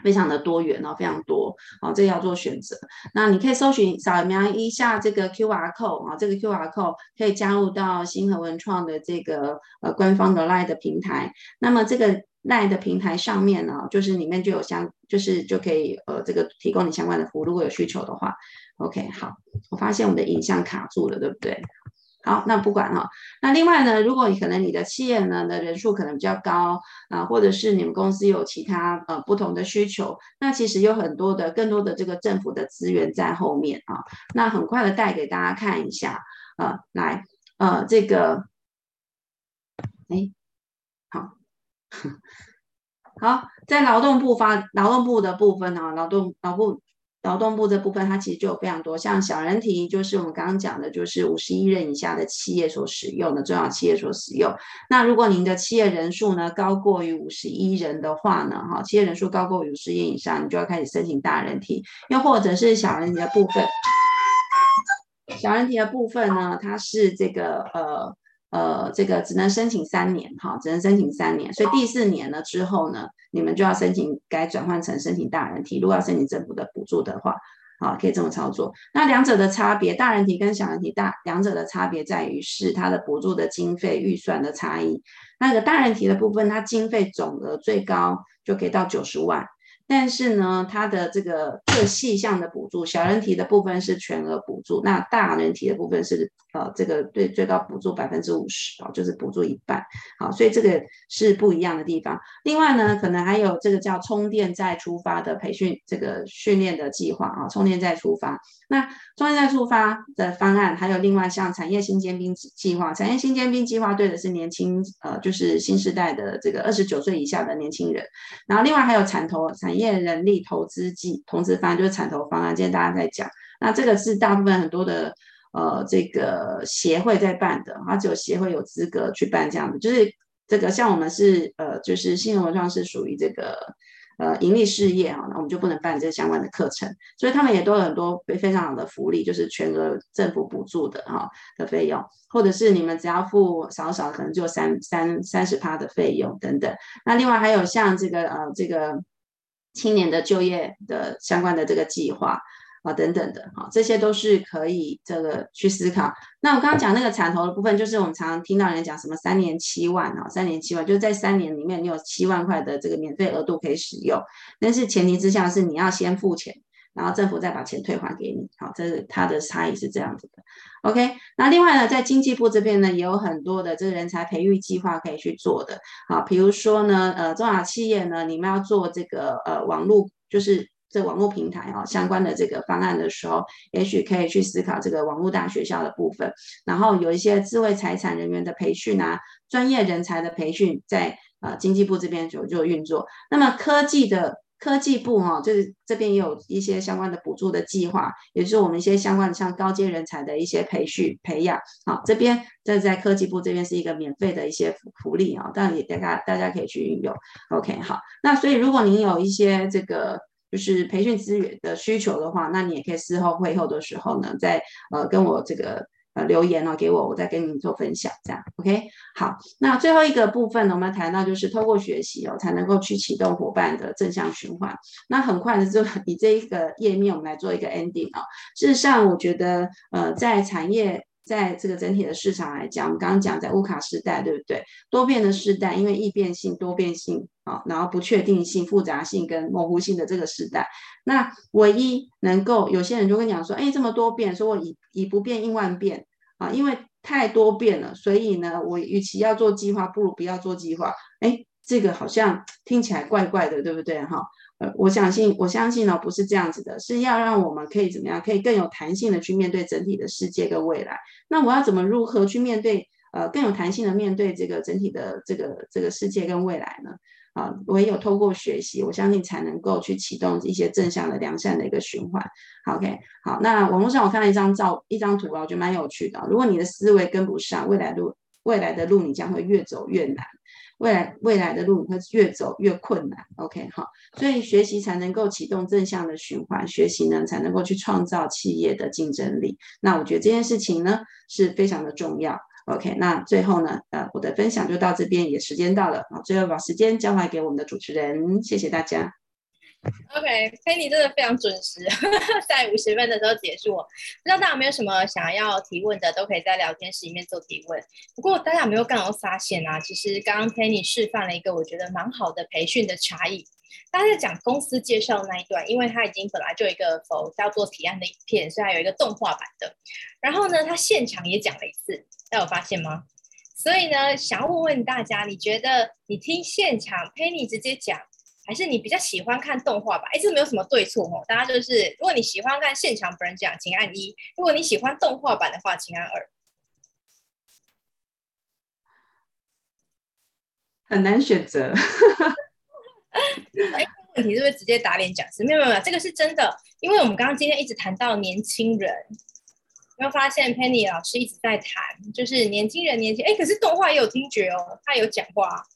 非常的多元哦、啊，非常多哦、啊，這要做選擇。那你可以搜尋、掃描一下這個 QR code 啊，這個 QR code 可以加入到昕禾文創的這個呃官方的 LINE 的平台。那麼這個 LINE 的平台上面呢、啊，就是裡面就有相，就是就可以呃這個提供你相關的服務，如果有需求的話。OK，好，我發現我們的影像卡住了，對不對？好，那不管了、啊。那另外呢，如果你可能你的企業呢的人數可能比較高啊，或者是你們公司有其他呃不同的需求，那其實有很多的更多的這個政府的資源在後面啊，啊那很快的帶給大家看一下。呃、啊，來，呃、啊，這個，哎，好，好，在勞動部發勞動部的部分啊，勞動勞動。勞動部這部分，它其實就有非常多，像小人體，就是我們剛剛講的，就是五十一人以下的企業所使用的中小企業所使用。那如果您的企業人數呢高過於五十一人的話呢，哈，企業人數高過五十人以上，你就要開始申請大人體，又或者是小人體的部分。小人體的部分呢，它是這個呃。呃，這個只能申請三年，哈，只能申請三年，所以第四年了之後呢，你們就要申請該轉換成申請大人提，如果要申請政府的補助的話，啊，可以這麼操作。那兩者的差別，大人提跟小人提，大兩者的差別在於是它的補助的經費預算的差異。那個大人提的部分，它經費總額最高就可以到九十萬。但是呢，它的這個各細項的補助，小人體的部分是全額補助，那大人體的部分是呃，這個對最高補助百分之五十啊，就是補助一半，好、啊，所以這個是不一樣的地方。另外呢，可能還有這個叫充電再出發的培訓這個訓練的計劃啊，充電再出發。那充電再出發的方案，還有另外像產業新尖兵計劃，產業新尖兵計劃對的是年輕呃，就是新時代的這個二十九歲以下的年輕人，然後另外還有產投產業。業人力投資計投資方案就是產投方案，今天大家在講，那這個是大部分很多的呃這個協會在辦的，它、啊、只有協會有資格去辦這樣的，就是這個像我們是呃就是昕禾文創是屬於這個呃盈利事業啊，那我們就不能辦這相關的課程，所以他們也都有很多非常好的福利，就是全額政府補助的哈、啊、的費用，或者是你們只要付少少，可能就三三三十趴的費用等等。那另外還有像這個呃這個。青年的就業的相關的這個計劃啊，等等的，啊，這些都是可以這個去思考。那我剛剛講那個產投的部分，就是我們常常聽到人講什麼三年七萬哦，啊，三年七萬，就是在三年裡面你有七萬塊的這個免費額度可以使用，但是前提之下是你要先付錢。然後政府再把錢退還給你，好，這是它的差異是這樣子的。OK，那另外呢，在經濟部這邊呢，也有很多的這個人才培育計劃可以去做的，好，比如說呢，呃，中小企業呢，你們要做這個呃網絡，就是這網絡平台哦相關的這個方案的時候，也許可以去思考這個網絡大學校的部分。然後有一些智慧財產人員的培訓啊，專業人才的培訓在，在、呃、啊經濟部這邊就就運作。那麼科技的。科技部哈、哦，就是這邊也有一些相關的補助的計劃，也就是我們一些相關的像高階人才的一些培訓培養啊，這邊這在科技部這邊是一個免費的一些福利啊、哦，當然也大家大家可以去運用。OK，好，那所以如果您有一些這個就是培訓資源的需求的話，那你也可以事後會後的時候呢，再呃跟我這個。呃，留言哦，給我，我再跟你們做分享，這樣，OK，好。那最後一個部分呢，我們要談到就是通過學習哦，才能夠去啟動夥伴的正向循環。那很快的就以這一個頁面，我們來做一個 ending 哦。事實上，我覺得呃，在產業。在這個整體的市場來講，我們剛剛講在烏卡時代，對不對？多變的世代，因為易變性、多變性啊，然後不確定性、複雜性跟模糊性的這個時代，那唯一能夠有些人就會講說，誒、哎，這麼多變，說我以以不變應萬變啊，因為太多變了，所以呢，我與其要做計劃，不如不要做計劃。誒、哎，這個好像聽起來怪怪的，對不對？哈、啊。呃，我相信，我相信呢、哦，不是這樣子的，是要讓我們可以怎麼樣，可以更有彈性的去面對整體的世界跟未來。那我要怎麼如何去面對？呃，更有彈性的面對這個整體的這個這個世界跟未來呢？啊、呃，唯有透過學習，我相信才能夠去啟動一些正向的良善的一個循環。OK，好，那網絡上我看了一張照，一張圖啊，我覺得蠻有趣的，哦。如果你的思維跟不上未來路，未來的路你將會越走越難。未來未來的路，會越走越困難。OK，好，所以學習才能夠啟動正向的循環，學習呢才能夠去創造企業的競爭力。那我覺得這件事情呢是非常的重要。OK，那最後呢，呃，我的分享就到這邊，也時間到了，好，最後把時間交還給我們的主持人，謝謝大家。OK，Penny、okay, 真的非常準時， 在五十分的時候結束。不知道大家有沒有什麼想要提問的，都可以在聊天室裡面做提問。不過大家有沒有剛好發現啊？其實剛剛 Penny 示範了一個我覺得蠻好的培訓的差異。大家在講公司介紹的那一段，因為他已經本來就有一個否叫做提案的影片，所以他有一個動畫版的。然後呢，他現場也講了一次，大家有發現嗎？所以呢，想要問問大家，你覺得你聽現場 Penny 直接講？還是你比較喜歡看動畫版？還是沒有什麼對錯哈、哦。大家就是，如果你喜歡看現場本人講，請按一；如果你喜歡動畫版的話，請按二。很難選擇。 哎，問題是不是直接打臉講師？沒有沒有，這個是真的，因為我們剛剛今天一直談到年輕人，有沒發現 Penny 老師一直在談，就是年輕人年輕。哎，可是動畫也有聽覺哦，他有講話。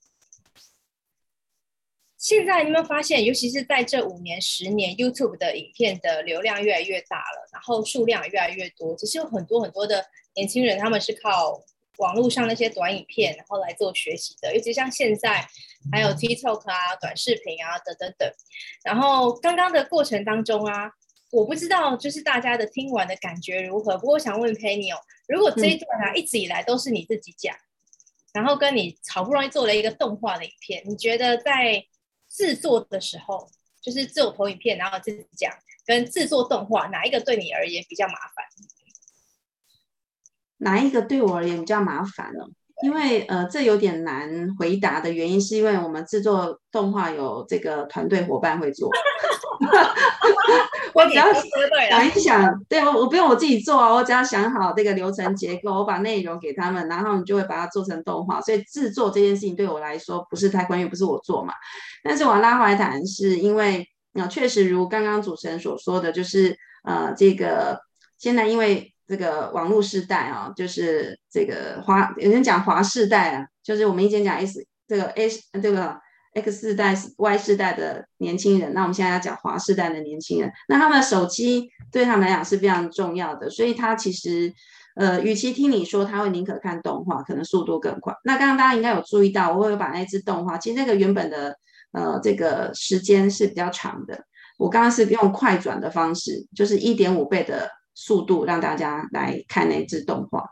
現在你有沒有發現，尤其是在這五年、十年，YouTube 的影片的流量越來越大了，然後數量也越來越多。只是有很多很多的年輕人，他們是靠網絡上那些短影片，然後來做學習的。尤其像現在，還有 TikTok 啊、短視頻啊等等等。然後剛剛的過程當中啊，我不知道就是大家的聽完的感覺如何。不過我想問 Penny 哦，如果這一段啊一直以來都是你自己講，然後跟你好不容易做了一個動畫的影片，你覺得在？製作的時候，就是製作投影片，然後自己講，跟製作動畫，哪一個對你而言比較麻煩？哪一個對我而言比較麻煩呢、哦？因為呃，這有點難回答的原因，是因為我們製作動畫有這個團隊夥伴會做。 我只要想一想，對我我不用我自己做啊，我只要想好這個流程結構，我把內容給他們，然後你就會把它做成動畫。所以製作這件事情對我來說不是太關鍵，不是我做嘛。但是我拉回來談是因為，呃，確實如剛剛主持人所說的，就是呃，這個現在因為。這個網絡世代啊，就是這個滑，有人講滑世代啊，就是我們以前講 S 這個 s 這個 X 世代、Y 世代的年輕人。那我們現在要講滑世代的年輕人，那他們的手機對他們來講是非常重要的，所以他其實呃，與其聽你說，他會寧可看動畫，可能速度更快。那剛剛大家應該有注意到，我有把那只動畫，其實那個原本的呃，這個時間是比較長的，我剛剛是用快轉的方式，就是一點五倍的。速度讓大家來看那隻動畫，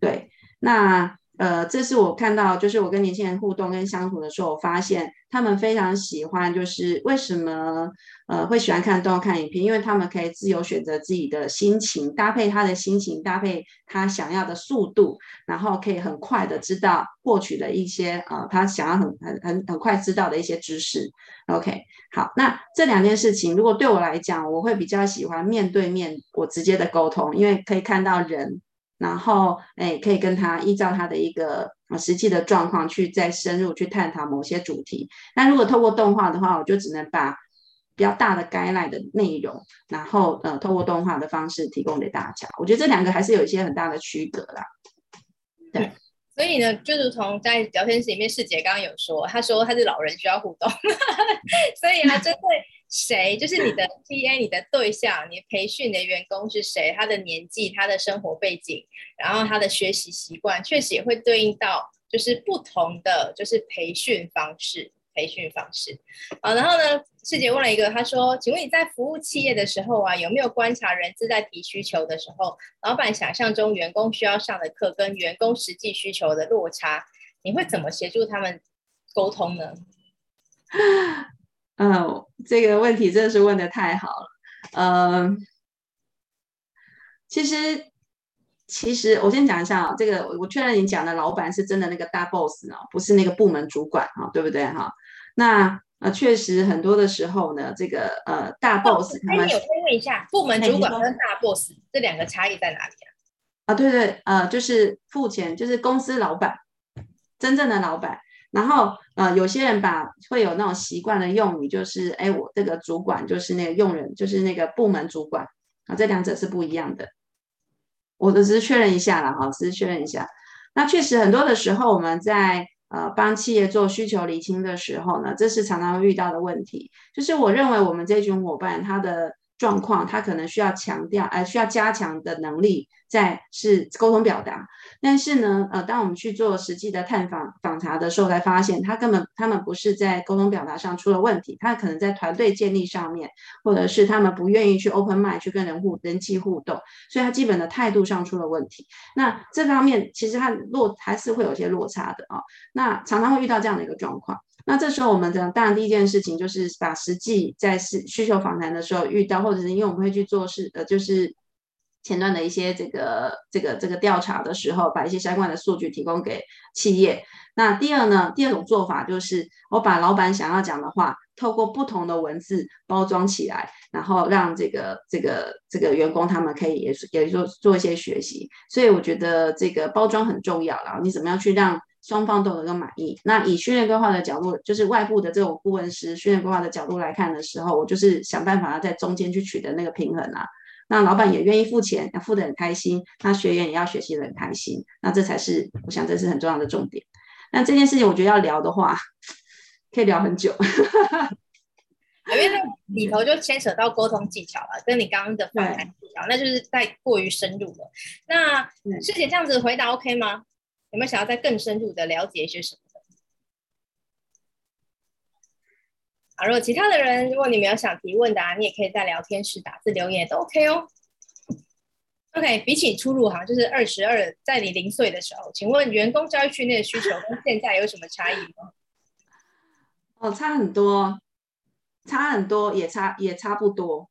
對，那。呃，這是我看到，就是我跟年輕人互動跟相處的時候，我發現他們非常喜歡，就是為什麼呃會喜歡看動畫看影片，因為他們可以自由選擇自己的心情，搭配他的心情，搭配他想要的速度，然後可以很快的知道獲取的一些呃他想要很很很很快知道的一些知識。OK，好，那這兩件事情，如果對我來講，我會比較喜歡面對面我直接的溝通，因為可以看到人。然後，哎，可以跟他依照他的一個實際的狀況去再深入去探討某些主題。那如果透過動畫的話，我就只能把比較大的 guideline 的內容，然後呃，透過動畫的方式提供給大家。我覺得這兩個還是有一些很大的區隔啦。對，嗯、所以呢，就如同在聊天室裡面世傑剛剛有說，他說他是老人需要互動， 所以呢、啊、針、嗯、對。誰就是你的 TA，你的對象，你培訓的員工是誰？他的年紀，他的生活背景，然後他的學習習慣，確實也會對應到就是不同的就是培訓方式，培訓方式。好，然後呢，師姐問了一個，她說：“請問你在服務企業的時候啊，有沒有觀察人資在提需求的時候，老板想象中員工需要上的課跟員工實際需求的落差？你會怎麼協助他們溝通呢？” 嗯、呃，這個問題真的是問得太好了。呃，其實，其實我先講一下啊，這個我我確認你講的老闆是真的那個大 boss 呢？哦，不是那個部門主管哈，啊，對不對哈，啊？那啊、呃，確實很多的時候呢，這個呃大 boss、哦。哎們，你有問一下，部門主管跟大 boss 這兩個差異在哪裡啊？啊，對對，呃，就是付錢，就是公司老闆，真正的老闆。然後呃，有些人吧會有那種習慣的用語，就是哎，我這個主管就是那個用人，就是那個部門主管啊，這兩者是不一樣的。我只是確認一下啦，哈，只是確認一下。那確實很多的時候，我們在呃幫企業做需求釐清的時候呢，這是常常會遇到的問題。就是我認為我們這群夥伴他的。狀況，他可能需要強調，呃，需要加強的能力在是溝通表達。但是呢，呃，當我們去做實際的探訪、訪查的時候，才發現他根本他們不是在溝通表達上出了問題，他可能在團隊建立上面，或者是他們不願意去 open mind 去跟人互人際互動，所以他基本的態度上出了問題。那這方面其實他落還是會有些落差的啊、哦。那常常會遇到這樣的一個狀況。那這時候，我們的當然第一件事情就是把實際在是需求訪談的時候遇到，或者是因為我們會去做事，呃，就是前端的一些這個這個這個調查的時候，把一些相關的數據提供給企業。那第二呢，第二種做法就是我把老闆想要講的話，透過不同的文字包裝起來，然後讓這個這個這個員工他們可以也也做做一些學習。所以我覺得這個包裝很重要啦，然後你怎麼樣去讓？雙方都有一個滿意。那以訓練規劃的角度，就是外部的這種顧問師訓練規劃的角度來看的時候，我就是想辦法要在中間去取得那個平衡啦、啊。那老板也願意付錢，要付得很開心。那學員也要學習得很開心。那這才是我想，這是很重要的重點。那這件事情我覺得要聊的話，可以聊很久， 啊、因為那裡頭就牽扯到溝通技巧了，跟你剛剛的訪談技巧，對那就是在過於深入了。那師姐這樣子回答 OK 嗎？有沒有想要再更深入的了解一些什麼的？啊，如果其他的人，如果你沒有想提問的、啊，你也可以在聊天室打字留言都 OK 哦。OK，比起初入行，就是二十二，在你零歲的時候，請問員工教育訓練的需求跟現在有什麼差異嗎？哦，差很多，差很多，也差也差不多。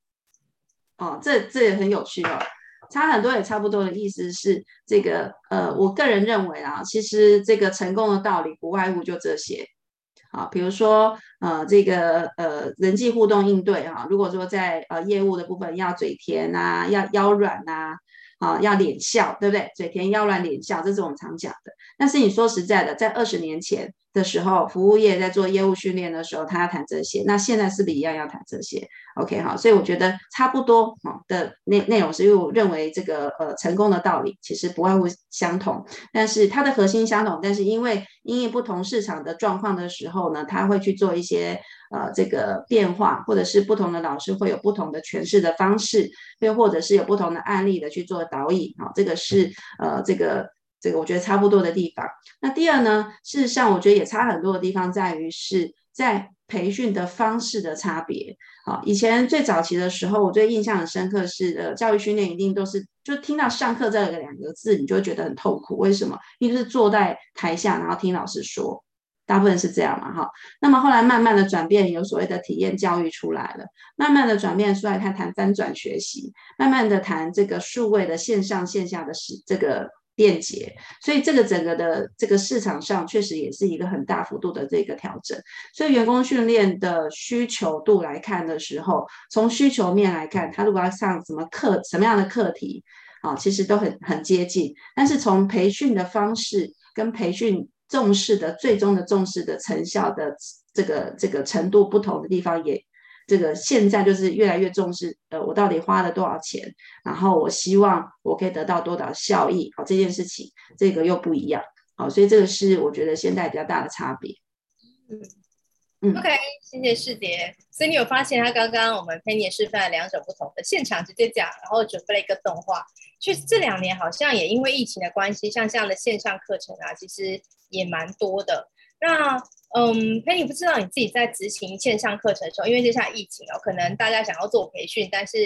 哦，這這也很有趣哦。差很多也差不多的意思是，這個呃，我個人認為啊，其實這個成功的道理不外乎就這些，啊，比如說呃，這個呃，人際互動應對哈、啊，如果說在呃業務的部分要嘴甜啊，要腰軟吶、啊，啊，要臉笑，對不對？嘴甜、腰軟、臉笑，這是我們常講的。但是你說實在的，在二十年前。的時候，服務業在做業務訓練的時候，他要談這些。那現在是不是一樣要談這些？OK，好，所以我覺得差不多好的內內容，是因為我認為這個呃成功的道理其實不外乎相同，但是它的核心相同，但是因為因為不同市場的狀況的時候呢，他會去做一些呃這個變化，或者是不同的老師會有不同的詮釋的方式，又或者是有不同的案例的去做導引。哈、哦，這個是呃這個。這個我覺得差不多的地方。那第二呢，事實上我覺得也差很多的地方在於是在培訓的方式的差別。以前最早期的時候，我最印象很深刻是呃教育訓練一定都是就聽到上課這兩個字，你就會覺得很痛苦。為什麼？因為是坐在台下，然後聽老師說，大部分是這樣嘛哈。那麼後來慢慢的轉變，有所謂的體驗教育出來了，慢慢的轉變出來，他談翻轉學習，慢慢的談這個數位的線上線下的是這個。便捷，所以這個整個的這個市場上確實也是一個很大幅度的這個調整。所以員工訓練的需求度來看的時候，從需求面來看，他如果要上什麼課、什麼樣的課題啊，其實都很很接近。但是從培訓的方式跟培訓重視的最終的重視的成效的這個這個程度不同的地方也，這個現在就是越來越重視，呃，我到底花了多少錢，然後我希望我可以得到多少效益，好、哦、這件事情，這個又不一樣，好、哦，所以這個是我覺得現在比較大的差別。嗯，OK，謝謝世杰。所以你有發現，他剛剛我們佩妮也示範了兩種不同的現場直接講，然後準備了一個動畫。確實這兩年好像也因為疫情的關係，像這樣的線上課程啊，其實也蠻多的。那嗯，佩妮不知道你自己在執行線上課程的時候，因為這下疫情哦，可能大家想要做培訓，但是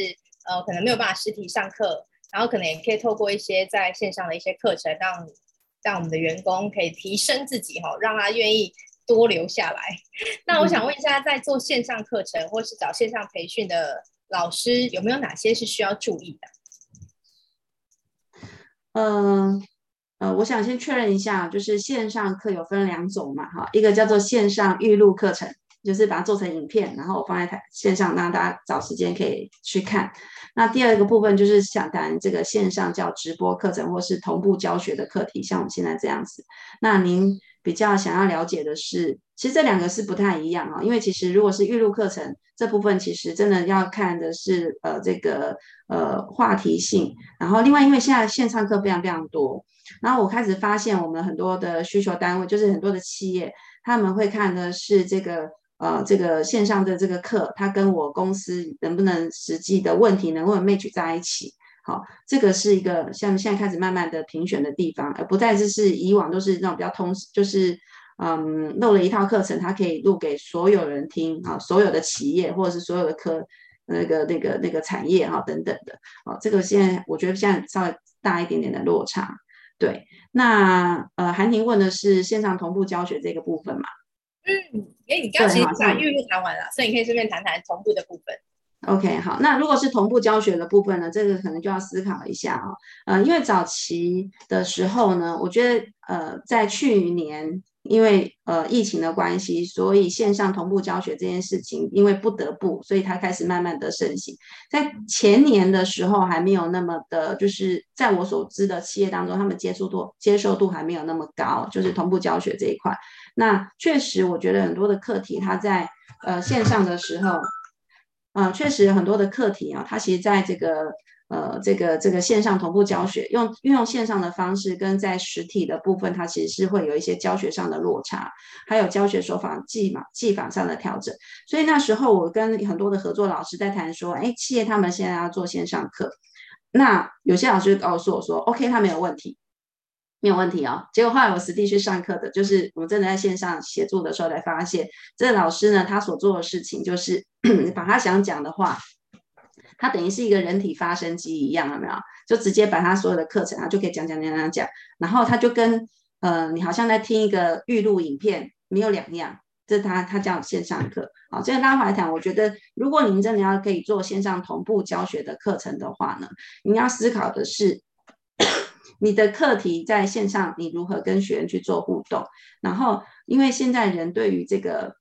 呃，可能沒有辦法實體上課，然後可能也可以透過一些在線上的一些課程讓，讓讓我們的員工可以提升自己哈、哦，讓他願意多留下來。那我想問一下，在做線上課程、嗯、或是找線上培訓的老師，有沒有哪些是需要注意的？嗯。呃，我想先確認一下，就是線上課有分兩種嘛，哈，一個叫做線上預錄課程，就是把它做成影片，然後我放在台線上，讓大家找時間可以去看。那第二個部分就是想談這個線上叫直播課程，或是同步教學的課題，像我們現在這樣子。那您？比較想要了解的是，其實這兩個是不太一樣啊，因為其實如果是預錄課程這部分，其實真的要看的是呃這個呃話題性。然後另外，因為現在線上課非常非常多，然後我開始發現我們很多的需求單位，就是很多的企業，他們會看的是這個呃這個線上的這個課，它跟我公司能不能實際的問題能不能 match 在一起。好、哦，這個是一個像現在開始慢慢的評選的地方，而不再就是以往都是那種比較通，就是嗯，錄了一套課程，它可以錄給所有人聽啊、哦，所有的企業或者是所有的科那個那個那個產業哈、哦、等等的。好、哦，這個現在我覺得現在稍微大一點點的落差。對，那呃，韓婷問的是線上同步教學這個部分嘛？嗯，哎，你剛剛其實把預錄談完了，所以你可以順便談談同步的部分。OK，好，那如果是同步教學的部分呢？這個可能就要思考一下啊、哦。呃，因為早期的時候呢，我覺得呃，在去年，因為呃疫情的關係，所以線上同步教學這件事情，因為不得不，所以它開始慢慢的盛行。在前年的時候，還沒有那麼的，就是在我所知的企業當中，他們接受度接受度還沒有那麼高，就是同步教學這一塊。那確實，我覺得很多的課題，它在呃線上的時候。嗯、呃，確實很多的課題啊，它其實在這個呃，這個這個線上同步教學，用運用線上的方式跟在實體的部分，它其實是會有一些教學上的落差，還有教學手法技法技法上的調整。所以那時候我跟很多的合作老師在談說，哎，企業他們現在要做線上課，那有些老師告訴我說，OK，他沒有問題。沒有問題哦。結果後來我實地去上課的，就是我真的在線上寫作的時候，才發現這個老師呢，他所做的事情就是把他想講的話，他等於是一個人體發聲機一樣，有沒有？就直接把他所有的課程啊，他就可以講講講講講。然後他就跟呃，你好像在聽一個預錄影片沒有兩樣。這他他叫線上課。好、哦，這個拉回來講，我覺得如果你們真的要可以做線上同步教學的課程的話呢，你要思考的是。你的課題在線上，你如何跟學員去做互動？然後，因為現在人對於這個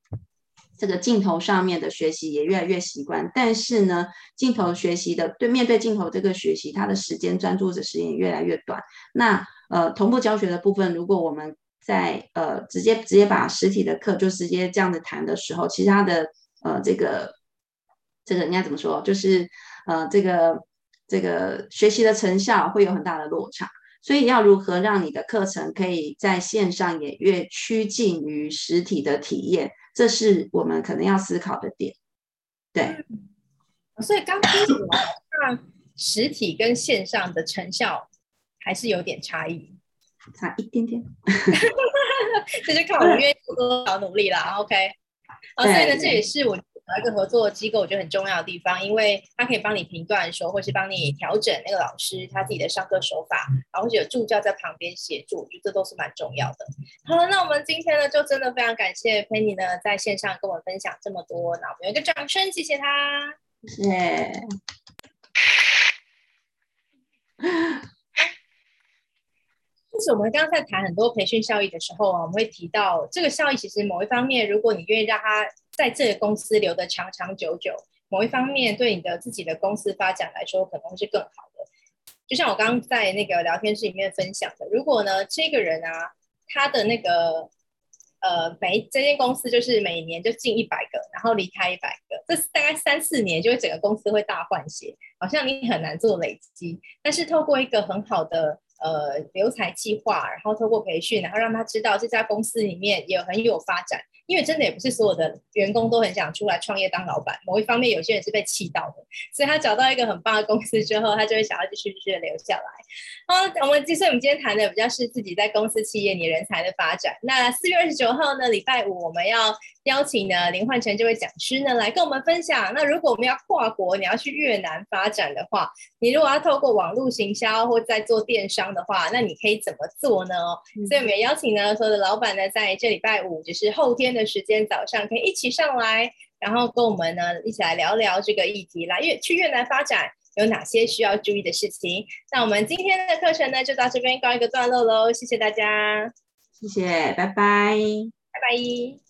這個鏡頭上面的學習也越來越習慣，但是呢，鏡頭學習的對面對鏡頭這個學習，它的時間專注的時間也越來越短。那呃，同步教學的部分，如果我們在呃直接直接把實體的課就直接這樣子談的時候，其他的呃這個這個應該怎麼說？就是呃這個這個學習的成效會有很大的落差。所以要如何讓你的課程可以在線上也越趨近於實體的體驗，這是我們可能要思考的點。對，嗯哦、所以剛剛說，實體跟線上的成效還是有點差異，差一點點，這就看我們願意做多少努力啦。OK，啊、嗯哦，所以呢，嗯、這也是我、嗯。找一個合作機構，我覺得很重要的地方，因為他可以幫你評斷說，或是幫你調整那個老師他自己的上課手法，然後或者有助教在旁邊協助，我覺得這都是蠻重要的。好了，那我們今天呢，就真的非常感謝 Penny 呢，在線上跟我分享這麼多，那我們有一個掌聲謝謝他。謝謝。就是我們剛才談很多培訓效益的時候啊，我們會提到這個效益，其實某一方面，如果你願意讓他。在這個公司留得長長久久，某一方面對你的自己的公司發展來說，可能是更好的。就像我剛剛在那個聊天室裡面分享的，如果呢這個人啊，他的那個呃每這間公司就是每年就進一百個，然後離開一百個，這是大概三四年就會整個公司會大換血，好像你很難做累積。但是透過一個很好的呃留才計劃，然後透過培訓，然後讓他知道這家公司裡面也有很有發展。因為真的也不是所有的員工都很想出來創業當老闆，某一方面有些人是被氣到的，所以他找到一個很棒的公司之後，他就會想要繼續繼續、續留下來。好，我們其實我們今天談的比較是自己在公司企業裡人才的發展。那四月二十九號呢，禮拜五我們要。邀請呢，林煥成這位講師呢，來跟我們分享。那如果我們要跨國，你要去越南發展的話，你如果要透過網路行銷或在做電商的話，那你可以怎麼做呢？嗯，所以我們也邀請呢，所有的老闆呢，在這禮拜五，就是後天的時間早上，可以一起上來，然後跟我們呢，一起來聊聊這個議題，來越去越南發展有哪些需要注意的事情。那我們今天的課程呢，就到這邊告一個段落嘍，謝謝大家，謝謝，拜拜，拜拜。